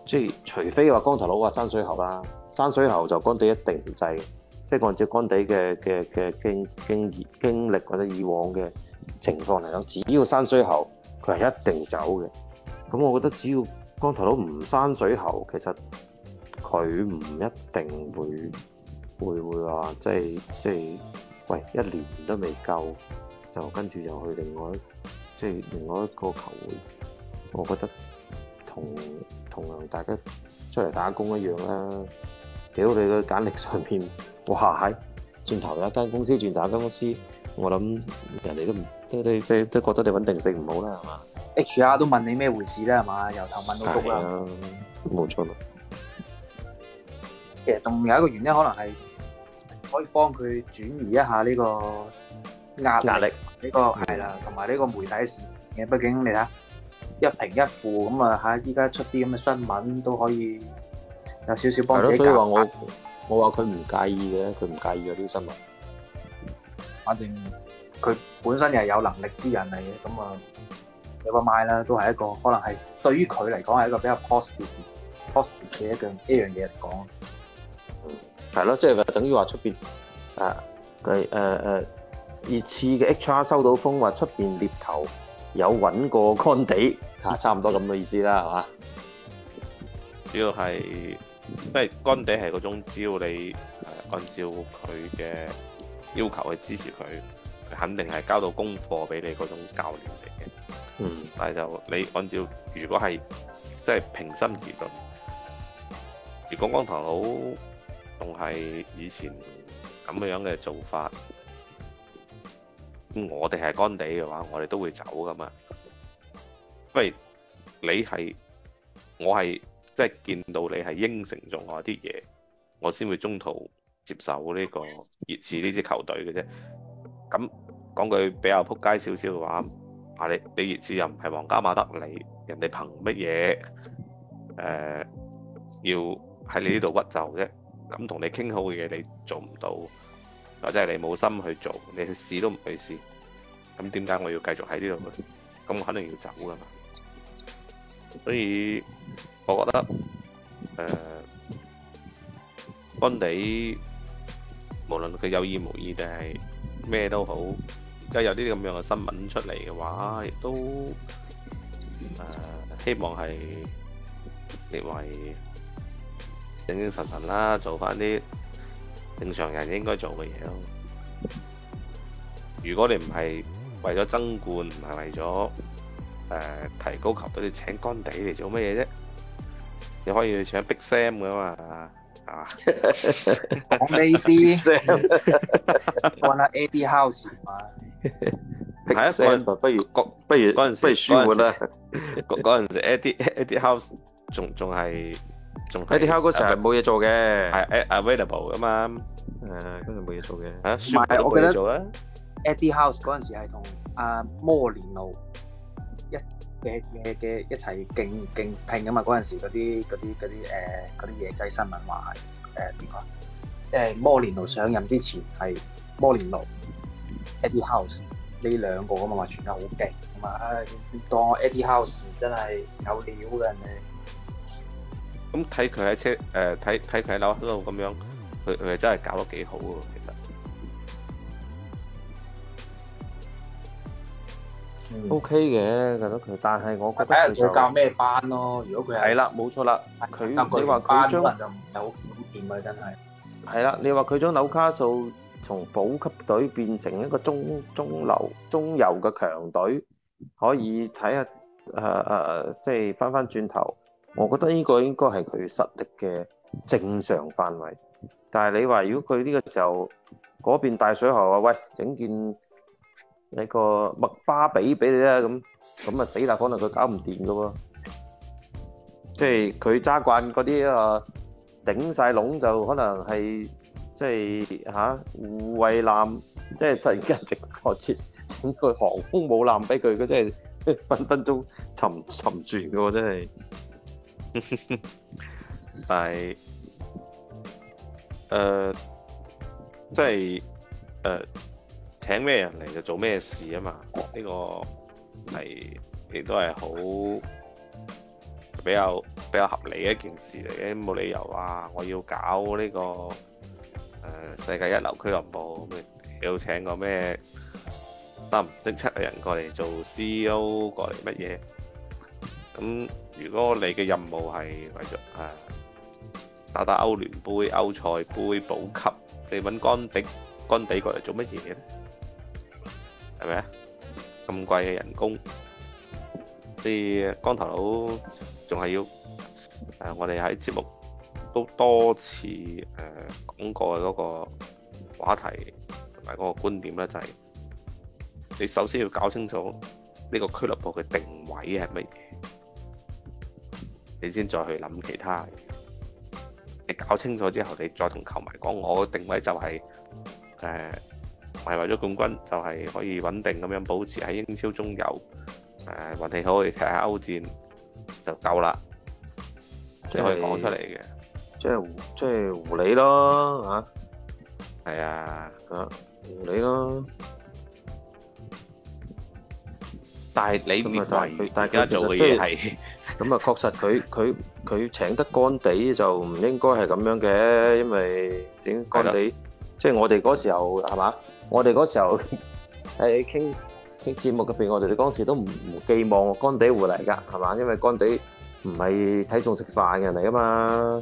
即係除非話光頭佬話山水喉啦，山水喉就干地一定唔制。即係按照干地嘅嘅嘅經經驗經歷或者以往嘅情況嚟講，只要山水喉，佢係一定走嘅。咁我覺得只要光頭佬唔山水喉，其實佢唔一定會會會話即係即係，喂一年都未夠，就跟住就去另外即係另外一個球會。我覺得同同樣大家出嚟打工一樣啦。屌你嘅簡歷上面，哇閪轉頭有一間公司轉第二間公司，我諗人哋都唔～都對，都都覺得你穩定性唔好啦，係嘛？HR 都問你咩回事啦，係嘛？由頭問到足啦，冇錯啦。其實仲有一個原因，可能係可以幫佢轉移一下呢個壓壓力，呢個係啦，同埋呢個媒體嘅。畢竟你睇下一平一負咁啊，吓依家，出啲咁嘅新聞都可以有少少幫自己解。所以話我我話佢唔介意嘅，佢唔介意嗰啲新聞，反正。佢本身又係有能力之人嚟嘅，咁啊有個賣啦，都係一個可能係對於佢嚟講係一個比較 positive positive 嘅一一樣嘢嚟講。係咯，即係等於話出邊佢誒誒熱刺嘅 H.R. 收到風話出邊獵頭有揾過干地嚇，差唔多咁嘅意思啦，係嘛？主要係即係干地係嗰種，只要你係按照佢嘅要求去支持佢。肯定係交到功課俾你嗰種教練嚟嘅，嗯，但係就你按照，如果係即係平心而論，如果江堂佬仲係以前咁樣嘅做法，我哋係干地嘅話，我哋都會走噶嘛，因為你係我係即係見到你係應承做我啲嘢，我先會中途接受呢、呢個熱刺呢支球隊嘅啫。咁講句比較撲街少少嘅話，嗱你比熱刺又唔係皇家馬德里，人哋憑乜嘢誒要喺你呢度屈就啫？咁同你傾好嘅嘢，你做唔到，或者係你冇心去做，你去試都唔去試，咁點解我要繼續喺呢度去？咁我肯定要走噶嘛。所以我覺得誒干地無論佢有意無意定係。咩都好，而家有啲咁樣嘅新聞出嚟嘅話，亦都誒、呃、希望係認為精精神神啦，做翻啲正常人應該做嘅嘢咯。如果你唔係為咗爭冠，唔係為咗誒、呃、提高球隊，你請干地嚟做咩嘢啫？你可以去請 Big Sam 噶嘛？啊！講呢啲，講下 Adi House 係嘛？係一個人，不如不如嗰陣時，不如舒緩啦。嗰嗰陣時，Adi Adi House 仲仲係仲 Adi House 嗰陣係冇嘢做嘅，係 Available 㗎嘛，誒，跟住冇嘢做嘅吓，舒緩都可以做啊。Adi House 嗰陣時係同阿摩連奴一。嘅嘅嘅一齊競競拼噶嘛，嗰陣時嗰啲啲啲誒啲野雞新聞話，誒點講？誒、呃、摩連奴上任之前係摩連奴、Eddie Howe 呢兩個咁啊，話傳得好勁，咁啊當 Eddie Howe 真係有料嘅。咁睇佢喺車誒睇睇佢喺紐卡素度咁樣，佢佢真係搞得幾好啊，其實。O K 嘅，佢都佢，但係我覺得睇下佢教咩班咯、啊。如果佢係係啦，冇錯啦，佢他你話佢將就扭扭斷咪真係？係啦，你話佢將紐卡素從保級隊變成一個中中流中游嘅強隊，可以睇下誒誒、呃呃，即係翻翻轉頭，我覺得呢個應該係佢實力嘅正常範圍。但係你話如果佢呢個時候嗰邊大水喉啊，喂，整件～一個麥巴比俾你啦，咁咁啊，死啦，可能佢搞唔掂噶喎，即係佢揸慣嗰啲啊，頂晒籠就可能係即係吓護衛艦，即係突然間整個整個航空母艦俾佢，佢真係分分鐘沉沉住噶喎，真係，但係誒即係誒。請咩人嚟就做咩事啊嘛？呢、這個係亦都係好比較比較合理嘅一件事嚟嘅，冇理由啊！我要搞呢、這個、呃、世界一流俱樂部，要請個咩三唔識七嘅人過嚟做 CEO，過嚟乜嘢？咁如果你嘅任務係為咗誒打打歐聯杯、歐賽杯保級，你揾干地干地過嚟做乜嘢咧？係咪啊？咁貴嘅人工，啲光頭佬仲係要誒，我哋喺節目都多次誒講過嗰個話題同埋嗰個觀點咧，就係你首先要搞清楚呢個俱樂部嘅定位係乜嘢，你先再去諗其他。你搞清楚之後，你再同球迷講，我嘅定位就係誒。唔係為咗冠軍，就係可以穩定咁樣保持喺英超中游。誒，運氣好嚟踢下歐戰就夠啦。即係講出嚟嘅，即係即係狐狸咯嚇，係啊，狐狸咯。但係你唔係但係佢而家做嘅嘢係咁啊，確實佢佢佢請得乾地就唔應該係咁樣嘅，因為點乾地即係我哋嗰時候係嘛？我哋嗰時候喺傾傾節目入邊，我哋啲當時都唔寄望干地回嚟噶，係嘛？因為干地唔係睇餸食飯嘅人嚟噶嘛。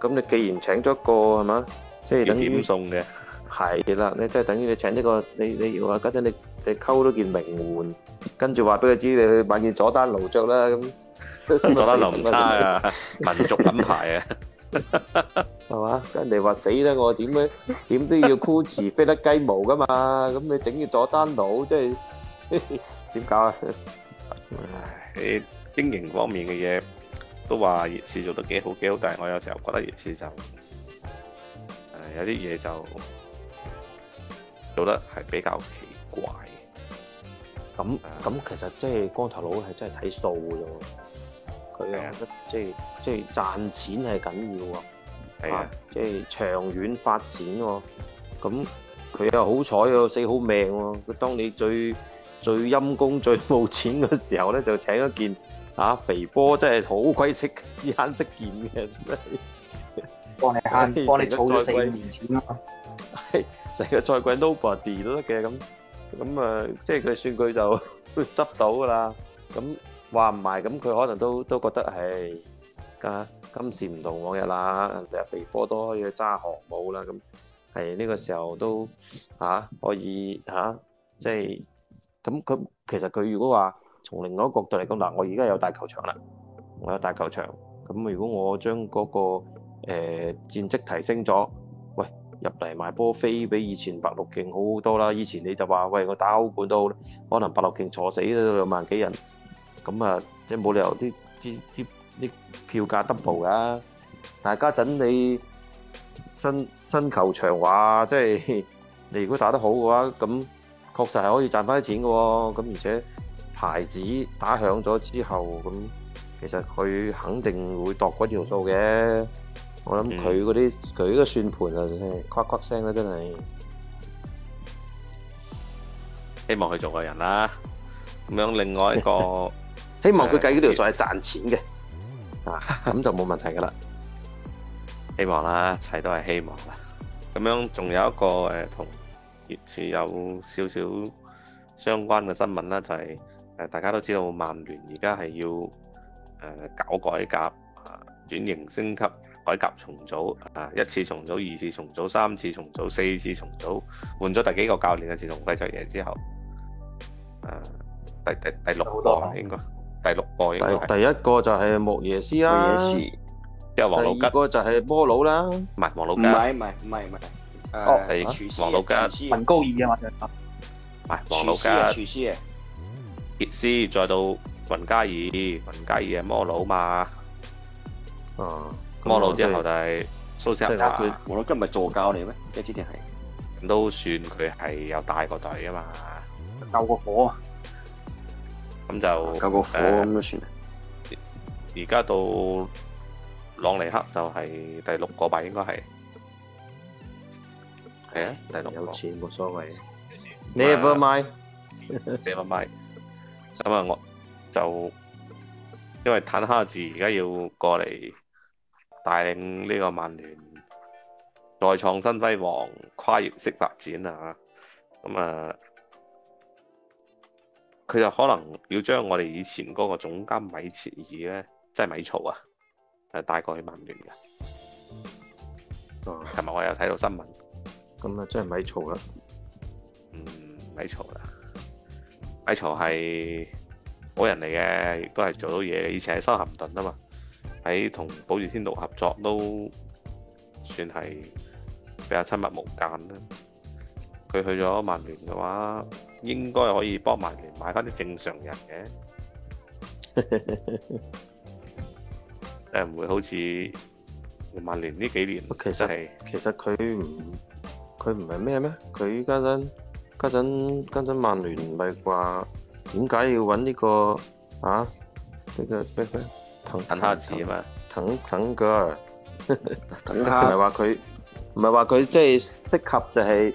咁你既然請咗一個係嘛，即係等於點餸嘅？係啦，你即係等於你請呢個你你話家陣你你溝到件名媛，跟住話俾佢知你去買件佐丹奴著啦。咁佐丹奴唔差啊，民族品牌啊！係 *laughs* 嘛？跟人哋話死啦，我點咩點都要箍持飛得雞毛噶嘛？咁你整嘅咗單佬，即係點搞啊？喺、哎、經營方面嘅嘢都話熱刺做得幾好幾好，但係我有時候覺得熱刺就誒有啲嘢就做得係比較奇怪。咁咁、嗯，其實即係光頭佬係真係睇數嘅啫。佢覺得即係即係賺錢係緊要喎，係啊，即係長遠發展喎。咁佢又好彩喎，死好命喎。佢當你最最陰功、最冇錢嘅時候咧，就請了一件啊肥波，真係好鬼識，識慳識儉嘅，幫你慳啲，幫你儲咗四五年錢咯。係成個賽季 Nobody 都得嘅咁，咁啊，即係佢算佢就執到噶啦，咁。話唔埋咁，佢可能都都覺得係，唉，家今時唔同往日啦。人哋肥波都可以去揸航母啦。咁係呢個時候都嚇、啊、可以嚇、啊，即係咁咁。其實佢如果話從另外一個角度嚟講，嗱、啊，我而家有大球場啦，我有大球場咁。那如果我將嗰、那個誒、呃、戰績提升咗，喂入嚟買波飛，比以前白鹿勁好多啦。以前你就話喂，我打歐冠都好可能白鹿徑坐死都兩萬幾人。咁啊，即係冇理由啲啲啲啲票價 double 噶。但家陣你新新球場話，即係你如果打得好嘅話，咁確實係可以賺翻啲錢嘅。咁而且牌子打響咗之後，咁其實佢肯定會度條數嘅。我諗佢嗰啲佢個算盤啊，誇誇聲啦，真係。希望佢做個人啦。咁樣另外一個。 *laughs* 希望佢計嗰條數係賺錢嘅、嗯、啊，咁就冇問題噶啦。希望啦，一齊都係希望啦。咁樣仲有一個誒，同熱刺有少少相關嘅新聞啦，就係、是、誒、呃、大家都知道，曼聯而家係要誒、呃、搞改革啊、呃，轉型升級、改革重組啊、呃，一次重組、二次重組、三次重組、四次重組，換咗第幾個教練嘅自從費爵爺之後，誒、呃、第第第六個應該。第六個應該係，第一個就係莫耶斯啦，第二個就係摩佬啦，唔係黃老吉，唔係唔係唔係，哦係廚師，黃老吉雲高爾啊嘛，唔係黃老吉廚師嘅，傑斯再到雲高爾，雲高爾嘅摩佬嘛，哦摩佬之後就係蘇斯克，黃老吉唔係助教嚟咩？即係之前係都算佢係有帶個隊啊嘛，救個火。咁就救個火咁樣算。而而家到朗尼克就係第六個吧，應該係。係啊，第六個。有錢冇所謂。never mind，never mind。咁啊，我就因為坦哈治而家要過嚟帶領呢個曼聯再創新輝煌，跨越式發展啊！咁、嗯、啊。佢就可能要將我哋以前嗰個總監米切爾咧，即係米嘈啊！誒，帶過去曼聯嘅。哦。琴日我又睇到新聞。咁啊、嗯，真係米嘈啦。嗯，米嘈啦。米嘈係好人嚟嘅，亦都係做到嘢。以前喺修咸頓啊嘛，喺同普捷天奴合作都算係比較親密無間啦。佢去咗曼聯嘅話，應該可以幫曼聯買翻啲正常人嘅，誒唔 *laughs* 會好似曼聯呢幾年。其實係，就係、其實佢唔佢唔係咩咩？佢家陣家陣家陣曼聯唔係話點解要揾呢個啊？呢個咩咩？等，等下子啊嘛，等等佢，唔係話佢，唔係話佢即係適合就係、係。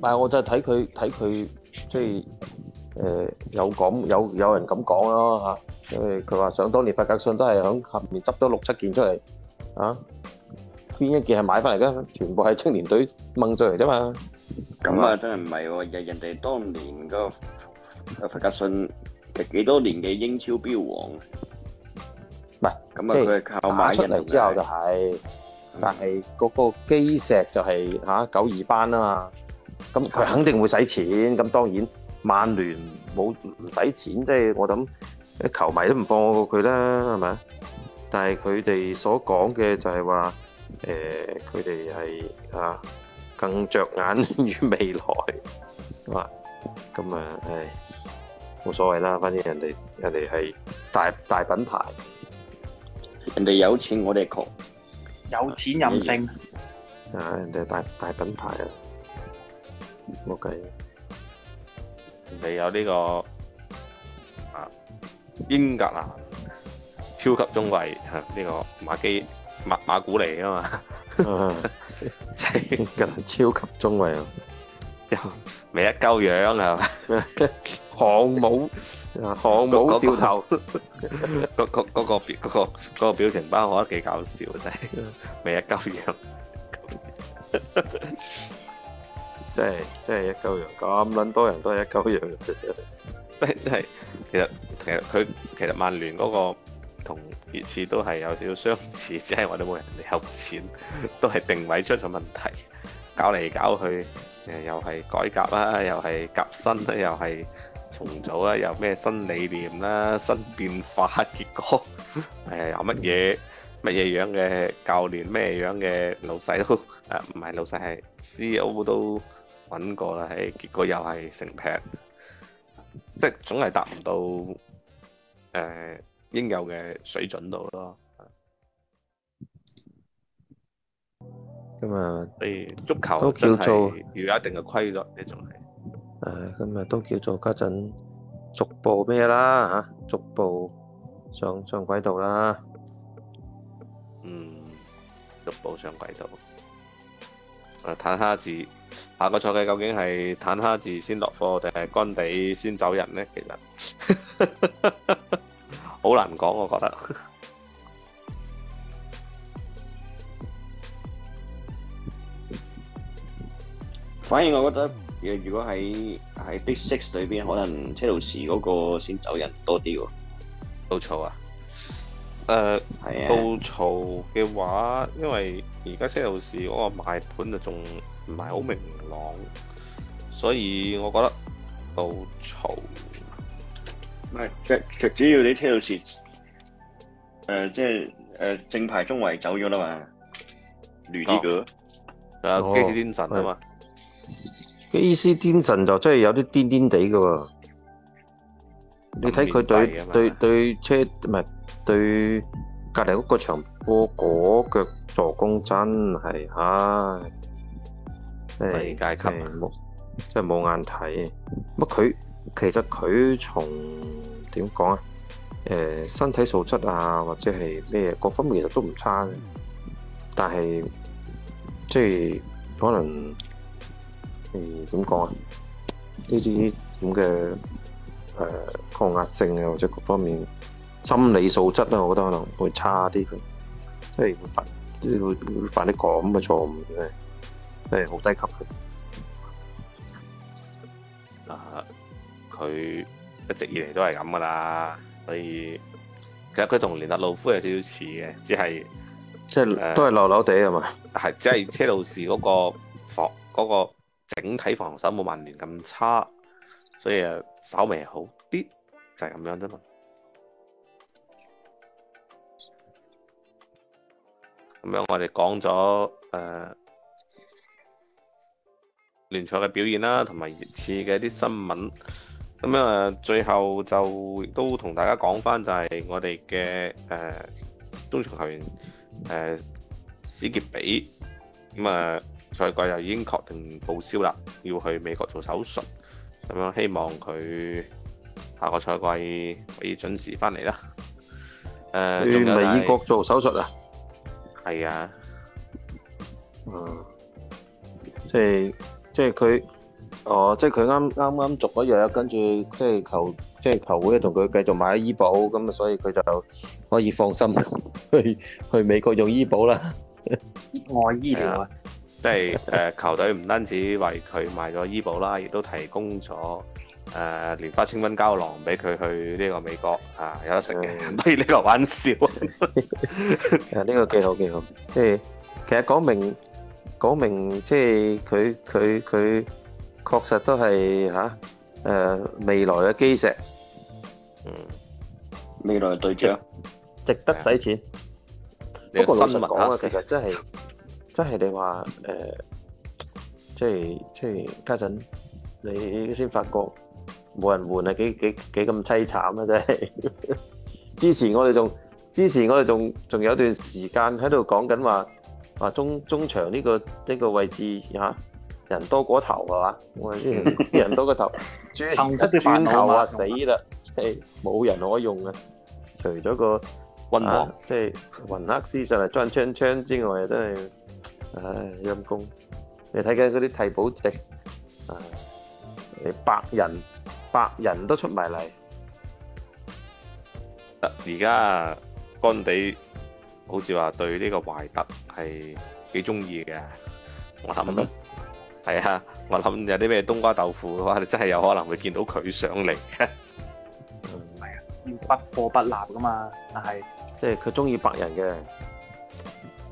但係，我就睇佢睇佢即係誒有咁有有人咁講咯嚇，因為佢話想當年弗格信都係響下面執咗六七件出嚟啊，邊一件係買翻嚟噶？全部係青年隊掹出嚟啫嘛。咁啊，真係唔係喎，人人哋當年嗰個弗格信，其實幾多年嘅英超標王。唔係咁啊，佢係靠買入嚟之後就係，但係嗰個基石就係嚇九二班啊嘛。咁佢肯定會使錢，咁當然曼聯冇唔使錢，即係我諗啲球迷都唔放過佢啦，係咪啊？但係佢哋所講嘅就係話，誒，佢哋係啊更着眼於未來，咁啊，咁啊，唉，冇所謂啦，反正人哋人哋係大大品牌，人哋有錢，我哋窮，有錢任性，啊，人哋大大品牌啊。冇計，你有呢個啊英格蘭超級中衛吓，呢個馬基馬馬古尼啊嘛，英格蘭超級中衛，又未一鳩樣係嘛？航母航母掉頭，嗰嗰嗰個嗰個嗰個表情包我覺得幾搞笑，真係未一鳩樣。即係即係一嚿肉，咁撚多人都係一嚿肉。即係即係，其實其實佢其實曼聯嗰個同熱刺都係有少少相似，只係我哋冇人哋有錢，都係定位出咗問題。搞嚟搞去，誒又係改革啦，又係革新啦，又係重組啦，又咩新理念啦、新變化，結果誒有乜嘢乜嘢樣嘅教練，咩樣嘅老細都啊，唔係老細係 CEO 都。揾過啦，唉，結果又係成劈，即係總係達唔到誒、呃、應有嘅水準度咯。咁啊天，譬如足球都叫做要有一定嘅規律，呢仲係誒，咁啊都叫做家陣逐步咩啦嚇、啊，逐步上上軌道啦，嗯，逐步上軌道。坦哈治，下個賽季究竟係坦哈治先落貨，定係干地先走人呢？其實好 *laughs* 難講，我覺得。反而我覺得，如果喺喺 Big Six 裏邊，可能車路士嗰個先走人多啲喎。冇錯啊。誒，呃、的到籌嘅話，因為而家車路士嗰個賣盤啊，仲唔係好明朗，所以我覺得到籌唔係，最最主要你車路士誒，即係誒正牌中衛走咗啦嘛，亂啲嘅，啊基斯丁神啊嘛，基斯丁神就真係有啲癲癲地嘅，你睇佢對對對車唔係。對隔籬嗰個長波嗰腳助攻真係唉，世、哎、界級即、啊欸、真係冇眼睇。乜佢其實佢從點講啊？誒、欸，身體素質啊，或者係咩各方面其實都唔差，但係即係可能係點講啊？呢啲咁嘅誒抗壓性啊，或者各方面。心理素質啦、啊，我覺得可能會差啲，即係會犯，即係會犯啲咁嘅錯誤嘅，係好低級嘅。佢、呃、一直以嚟都係咁噶啦，所以其實佢同連納魯夫有少少似嘅，只係即係、呃、都係漏漏地啊嘛，係 *laughs* 只係車路士嗰個防嗰、嗰個整體防守冇曼聯咁差，所以啊稍微好啲，就係、是、咁樣啫嘛。咁樣我哋講咗誒聯賽嘅表現啦，同埋熱刺嘅一啲新聞。咁、嗯、樣最後就都同大家講翻，就係我哋嘅誒中場球員誒史傑比。咁、嗯、啊，賽季又已經確定報銷啦，要去美國做手術。咁、嗯、樣希望佢下個賽季可以準時翻嚟啦。誒、呃，去美國做手術啊！係啊，是嗯，即係即係佢，哦，即係佢啱啱啱續咗約，跟住即係球即係球會同佢繼續買咗醫保，咁所以佢就可以放心去去，去美國用醫保啦。外的 *laughs* 醫療療啊是，即係誒，球隊唔單止為佢買咗醫保啦，亦都提供咗。誒，蓮花清瘟膠囊俾佢去呢個美國啊，有得食嘅，唔係呢個玩笑啊！呢個幾好幾好，即係其實講明講明，即係佢佢佢確實都係吓誒未來嘅基石，嗯，未來嘅對象，值得使錢。不過老實講啊，其實真係真係你話誒，即係即係家陣你先發覺。冇人換啊，幾幾幾咁淒慘啊！真係，之前我哋仲，之前我哋仲仲有段時間喺度講緊話，話中中場呢、呢個呢、呢個位置人多過頭係、啊、嘛？我話 *laughs* 人多過頭，轉一 *laughs* 最頭，頭啊死啦了！即係冇人可用啊，除咗、嗰個雲即波係、啊就係、雲克斯上嚟裝槍槍之外，真係唉陰公！你睇緊嗰啲替補席啊，百人。白人都出埋嚟，而家干地好似話對呢個懷特係幾中意嘅，我諗係、嗯、啊，我諗有啲咩冬瓜豆腐嘅話，你真係有可能會見到佢上嚟。唔係啊，要不破不立噶嘛，但係即係佢中意白人嘅。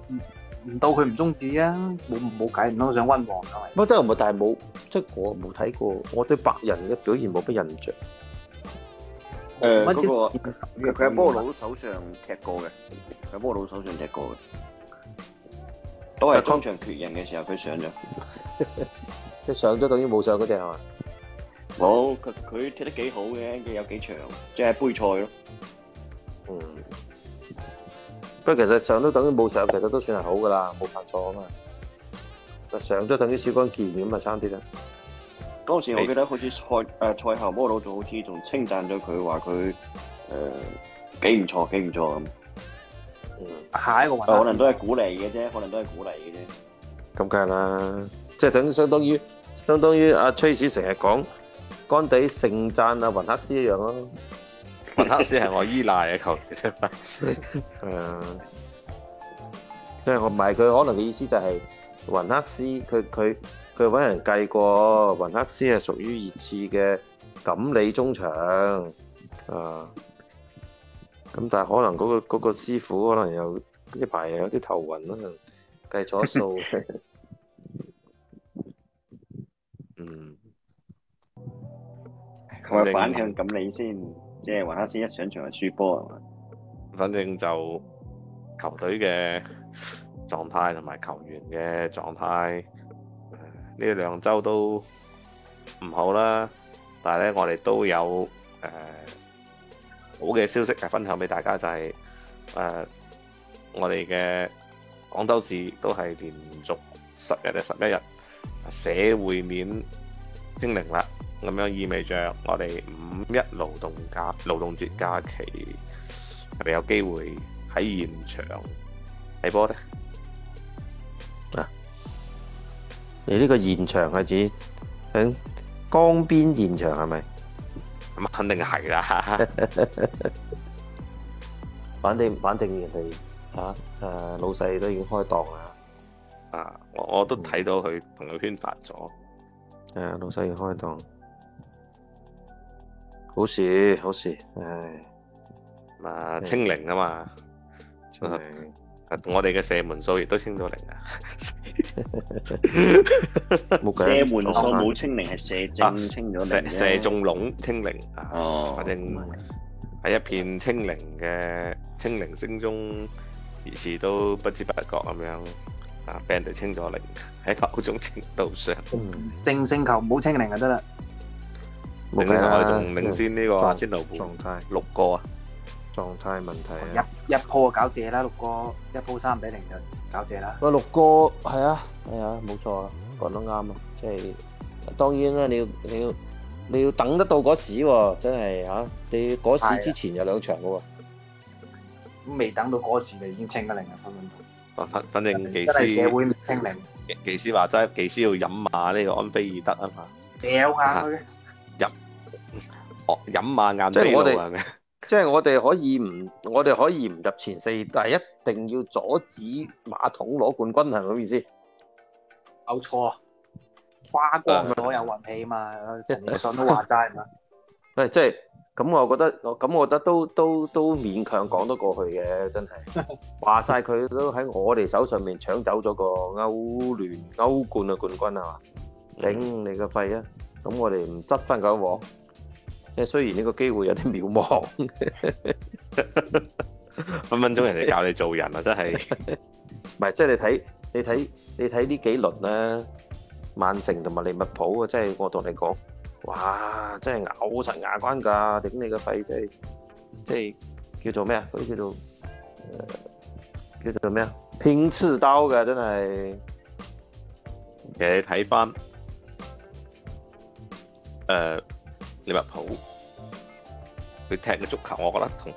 嗯唔到佢唔中止啊！冇冇解，唔到通想温望㗎咪？我真係冇，但係冇，即係我冇睇過。我對白人嘅表現冇乜印象。誒、呃，嗰麼、那個佢喺波佬手上踢過嘅，喺波佬手上踢過嘅，都係場場缺人嘅時候佢上咗， *laughs* 即係上咗等於冇上嗰隻係嘛？冇，佢佢、哦、踢得幾好嘅，佢有幾場，即、就、係、是、杯賽咯。嗯。不過其實上都等於冇上，其實都算係好噶啦，冇犯錯啊嘛。但上都等於少講見面咁啊，差啲啦。當時我記得好似賽誒賽後摩就他，摩老總好似仲稱讚咗佢，話佢誒幾唔錯，幾唔錯咁、嗯。下一個可能都係鼓勵嘅啫，可能都係鼓勵嘅啫。咁梗係啦，即、就、係、是、等相當於相當於阿 Chase 成日講，啊、干地盛讚阿、啊、雲克斯一樣咯、啊。雲 *laughs* 克斯係我依賴嘅球員，係 *laughs* *laughs* 啊，即、就、係、是、我唔係佢可能嘅意思就係、是、雲克斯，佢佢佢搵人計過，雲克斯係屬於熱刺嘅錦鯉中場啊，咁但係可能嗰、那個、那個師傅可能又呢排有啲頭暈啦、啊，計錯數， *laughs* *laughs* 嗯，係咪反向錦鯉先？即係話，啱先一上場就輸波，反正就球隊嘅狀態同埋球員嘅狀態呢兩周都唔好啦，但係咧我哋都有誒、呃、好嘅消息啊，分享俾大家就係、是、誒、呃、我哋嘅廣州市都係連續十日定十一日社會面清零啦。咁樣意味着我哋五一勞動假、勞動節假期係咪有機會喺現場睇波咧？啊！你呢個現場係指喺江邊現場係咪？咁肯定係啦。反正反正人哋啊，誒，老細都已經開檔啦、啊嗯。啊，我我都睇到佢朋友圈發咗，係啊，老細已經開檔。好事，好事，唉，咁啊清零啊嘛，我哋嘅射門數亦都清咗零啊，射門數冇清零，係射正清咗零，射中龍清零，哦，反正喺一片清零嘅清零聲中，而事都不知不覺咁樣啊，band 隊清咗零，喺某種程度上，淨勝球冇清零就得啦。另外我哋仲領先呢個阿仙奴，狀態六個啊，狀態問題。一一鋪就搞掂啦，六個一鋪三比零就搞掂啦。個六個係啊，係啊，冇錯啊，講得啱啊，即係當然啦，你要你要你要等得到嗰時喎，真係嚇你嗰時之前有兩場嘅喎，未等到嗰時就已經清咗零啊分分隊。啊，等等定技師。真係社會清零。技師話齋，技師要飲馬呢個安菲爾德啊嘛，掉下佢。.哦，飲馬眼，即係我哋，是是，即係我哋可以唔，我哋可以唔入前四，但係一定要阻止馬桶攞冠軍，係咪咁意思？冇錯，花哥攞有運氣啊嘛，即係上都話齋嘛？喂， *laughs* 即係咁，我覺得，咁我覺得都都都，都勉強講得過去嘅，真係話晒，佢 *laughs* 都喺我哋手上面搶走咗個歐聯歐冠嘅冠軍啊嘛，頂你個肺啊！咁、嗯、我哋唔執翻個王。即係雖然呢個機會有啲渺茫，分分鐘人哋教你做人啊！真係，唔係即係你睇，你睇，你睇呢幾輪咧，曼城同埋利物浦啊！即係我同你講，哇！真係咬實牙關㗎，頂你個肺，真係，即係即係叫做咩啊？嗰啲叫做，呃，叫做咩啊？拼刺刀㗎，真係。 *laughs* 其實睇翻誒。呃利物浦佢踢嘅足球，我覺得同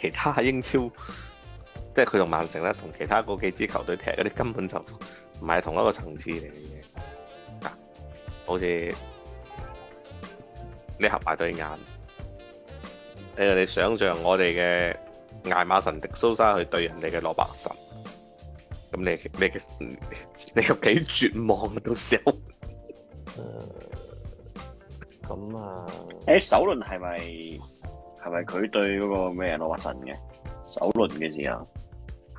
其他英超，即係佢同曼城咧，同其他嗰幾支球隊踢嗰啲根本就唔係同一個層次嚟嘅嘢。啊，好似你合埋對眼，你你想象我哋嘅艾馬神迪蘇沙去對人哋嘅羅伯森，咁你你你有幾絕望到時候？ *laughs* 咁啊！誒，首輪係咪係咪佢對嗰個咩人攞話神嘅？首輪嘅時候，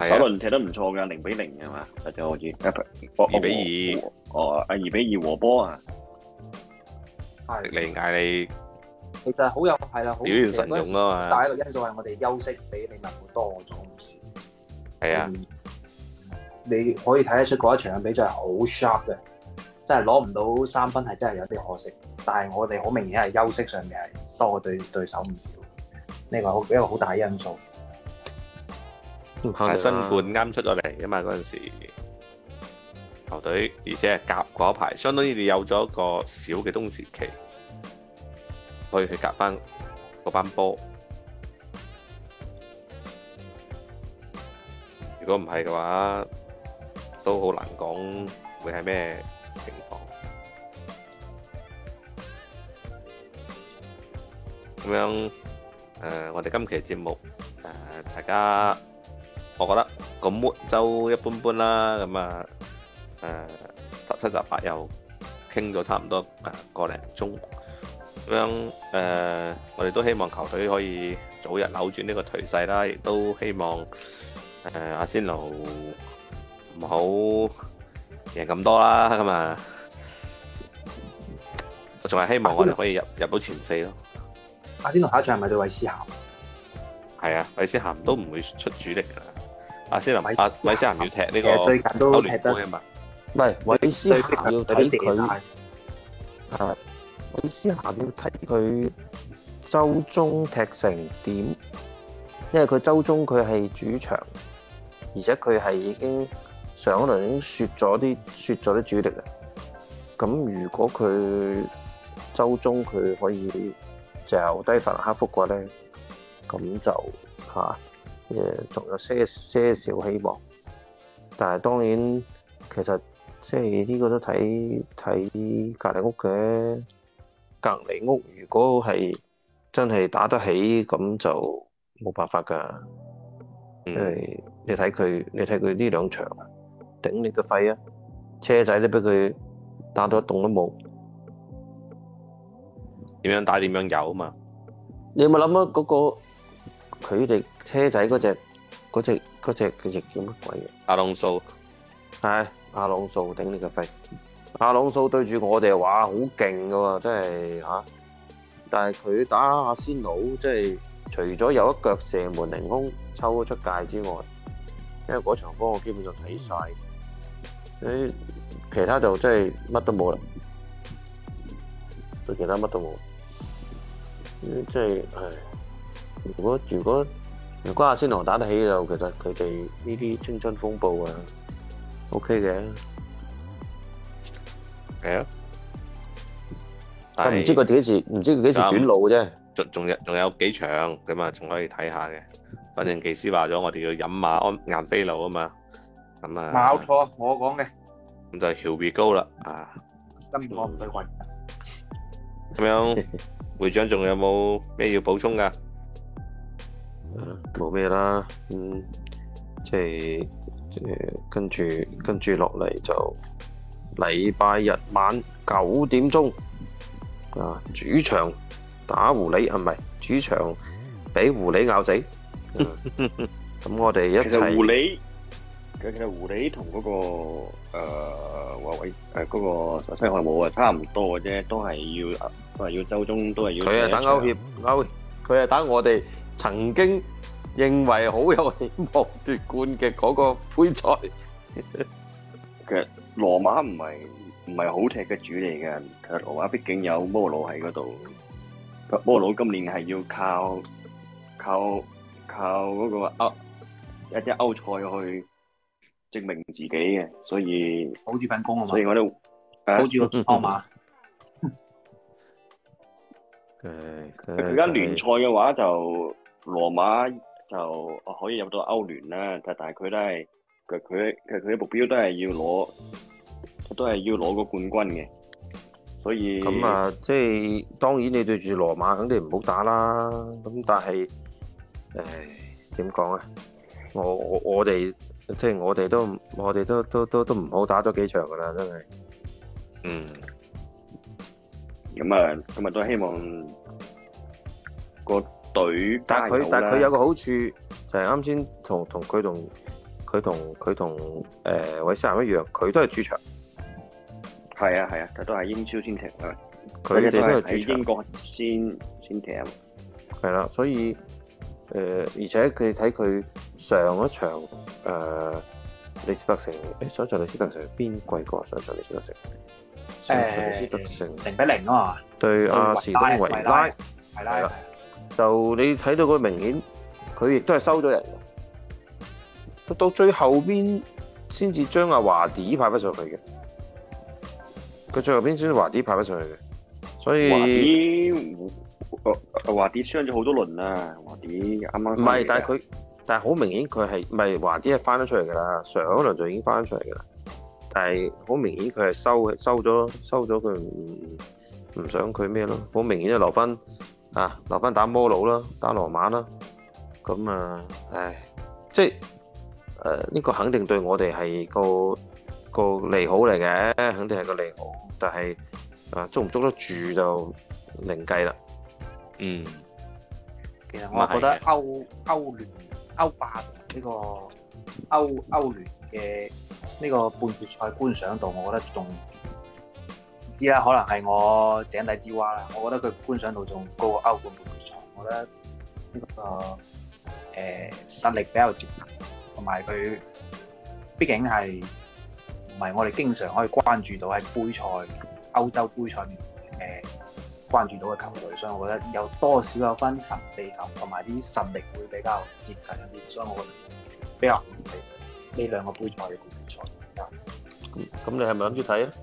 首輪踢得唔錯嘅，零比零嘅嘛，或者好似二比二，哦，啊二比二和波啊！力艾力，其實好有係啦，表現神勇啊嘛！第一個因素係我哋休息比利物浦多咗唔少，係啊，你可以睇得出嗰一場嘅比賽係好 sharp 嘅。真係攞唔到三分，係真係有啲可惜。但係我哋好明顯係休息上面係多過對對手唔少，呢個係一個好大因素。係新冠啱出咗嚟啊嘛！嗰陣時球隊而且係夾嗰排，相當於你有咗個小嘅冬時期，可以去夾翻嗰班波。如果唔係嘅話，都好難講會係咩。情況咁樣，誒、呃，我哋今期節目誒、呃，大家我覺得個 mood 都一般般啦，咁啊誒，十、呃、七十八又傾咗差唔多啊個零鐘，咁樣誒、呃，我哋都希望球隊可以早日扭轉呢個頹勢啦，亦都希望誒、呃、阿仙奴唔好。贏咁多啦，咁啊！我仲係希望我哋可以入星入到前四咯。阿仙奴下一仗係咪對韋思咸？係啊，韋思咸都唔會出主力噶啦。阿仙奴阿韋思咸、啊、要踢呢、這個最近都歐聯杯啊嘛。唔係韋思咸要睇佢，韋、啊、思咸要睇佢周中踢成點？因為佢周中佢係主場，而且佢係已經。上可能已經説咗啲説咗啲主力啦，咁如果佢周中佢可以就低法蘭克福嘅話咧，咁就嚇誒仲有些些少希望。但係當然其實即係呢個都睇睇隔籬屋，嘅隔籬屋，如果係真係打得起，咁就冇辦法㗎，因為、嗯、你睇佢你睇佢呢兩場。頂你個肺啊！車仔都俾佢打到一洞都冇，點樣打？點樣有啊嘛？你有冇諗過嗰個佢哋車仔嗰隻嗰隻嗰隻翼叫乜鬼嘢？阿朗素係，阿朗素頂你個肺。阿朗素對住我哋哇，好勁噶，真係吓。但係佢打阿仙奴，即係除咗有一腳射門凌空抽咗出界之外，因為嗰場波我基本上睇晒。誒，其他就真係乜都冇啦，對其他乜都冇，即係係。如果如果如果阿仙奴打得起就，其實佢哋呢啲青春風暴啊，OK 嘅，係啊的。但係唔知佢幾時，唔但知佢幾時轉路啫。仲仲有仲有幾場咁啊，仲可以睇下嘅。反正技師話咗，我哋要飲馬晏菲路啊嘛。冇錯、啊，我講嘅，咁就係橋比高啦，啊，今年我唔使跪，咁樣 *laughs* 會長仲有冇咩要補充噶？冇咩、嗯、啦，嗯，即係誒、呃，跟住跟住落嚟就禮拜日晚九點鐘，啊，主場打狐狸係咪？主場俾狐狸咬死，咁、 *laughs* 嗯、我哋一齊。其實狐狸同嗰個誒華偉誒嗰個西漢姆啊差唔多嘅啫，都係要都係要周中都係要。佢係等歐協歐，佢係等我哋曾經認為好有希望奪冠嘅嗰個杯賽。其實羅馬唔係唔係好踢嘅主嚟嘅，其實羅馬畢竟有摩羅喺嗰度。個摩羅今年係要靠靠靠嗰個歐一啲歐賽去。證明自己嘅，所以保住份工啊嘛，所以我都保住個籌碼誒，佢而家聯賽嘅話就羅馬就可以入到歐聯啦，但但係佢都係佢佢佢佢嘅目標都係要攞，都係要攞個冠軍嘅。所以咁啊，即係當然你對住羅馬肯定唔好打啦。咁但係誒點講啊？我我我哋。即係我哋都，我哋都都都都唔好打咗幾場噶啦，真係。嗯，咁啊，今日都希望個隊。但佢但佢有個好處、嗯、就係啱先同同佢同佢同佢同誒韋斯咸一樣，佢都係主場。係啊係啊，啊但都係英超先踢啦。佢哋都係主英國先先踢啊。係啦，所以誒、呃，而且佢睇佢上一場。嗯誒，李斯德城，你想象李斯德城，邊貴過想象李斯德城？城、欸？零比零嘛、啊？對阿、啊、士拉東維拉係啦，就你睇到佢明顯，佢亦都係收咗人，到最後邊先至將阿華迪派翻上去嘅，佢最後邊先華迪派翻上去嘅，所以華迪，華迪傷咗好多輪啦，華迪啱啱唔係，但係佢。啊但係好明顯佢係咪話啲係翻得出嚟㗎啦？上可能就已經翻出嚟㗎啦。但係好明顯佢係收收咗，收咗佢唔唔想佢咩咯？好明顯就留翻啊，留翻打摩佬啦，打羅馬啦。咁、嗯、啊，唉，即係誒呢個肯定對我哋係個個利好嚟嘅，肯定係個利好。但係啊，捉唔捉得住就另計啦。嗯，其實我，我覺得歐歐聯。歐霸呢個歐歐聯嘅呢個半決賽觀賞度我我，我覺得仲唔知啦，可能係我井底之蛙啦。我覺得佢觀賞度仲高過歐冠半決賽，我覺得呢個誒實力比較接近，同埋佢畢竟係唔係我哋經常可以關注到喺杯賽歐洲杯賽誒。呃關注到嘅球隊，所以我覺得有多少有分神秘感同埋啲實力會比較接近一啲，所以我覺得比較好睇呢兩個杯賽嘅冠軍賽，賽。咁、嗯、你係咪諗住睇啊？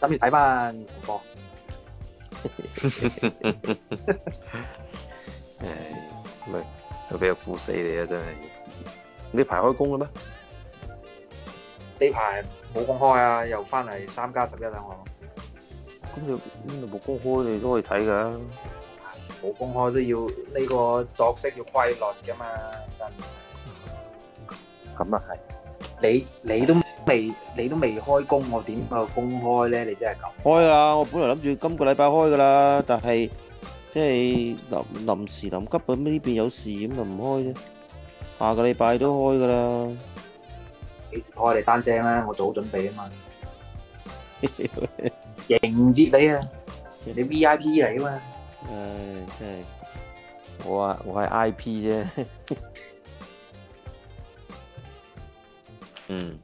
等你睇翻唔該。誒，咪又俾我顧死你啊！真係，呢排開工啦咩？呢排。冇公開啊，又翻嚟三加十一啊我。咁你邊度冇公開，你都可以睇㗎。冇公開都要呢個作息要規律㗎嘛，真係。咁啊係。你你都未你都未開工，我點夠公開咧？你真係咁。開啦！我本來諗住今個禮拜開噶啦，但係即係臨臨時臨急咁呢邊有事咁就唔開啫。下個禮拜都開噶啦。我哋單聲啦，我早準備啊嘛，迎接你啊，你 VIP 嚟啊嘛，誒，真係，哇，我係 IP 啫，嗯，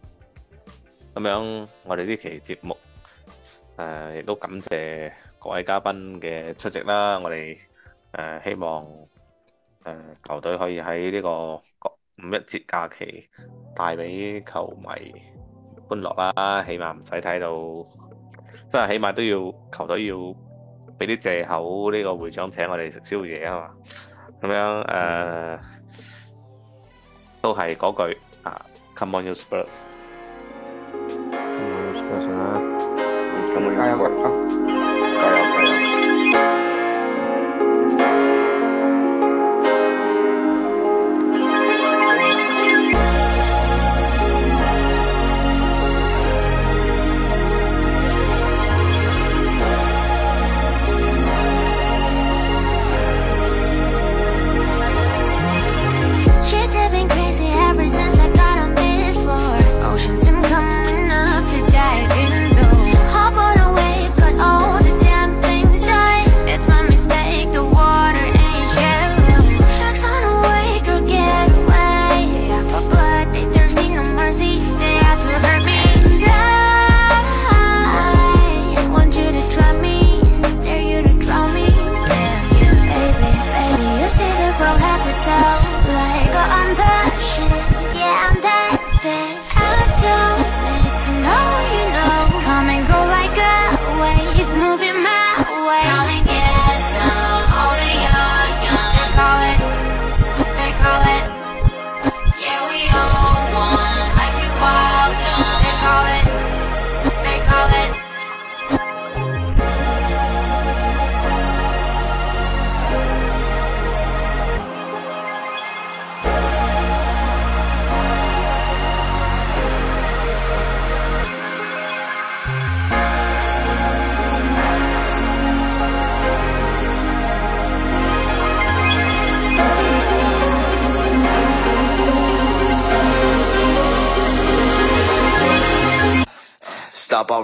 咁樣我哋呢期節目，誒，亦都感謝各位嘉賓嘅出席啦，我哋誒希望誒球隊可以喺呢個。五一節假期帶俾球迷歡樂啦，起碼唔使睇到，即係起碼都要球隊要俾啲借口呢個會長請我哋食宵夜、呃、 *music* 啊嘛，咁樣誒都係嗰句啊，Come on You Spurs Come on Spurs 啊！Come on Spurs！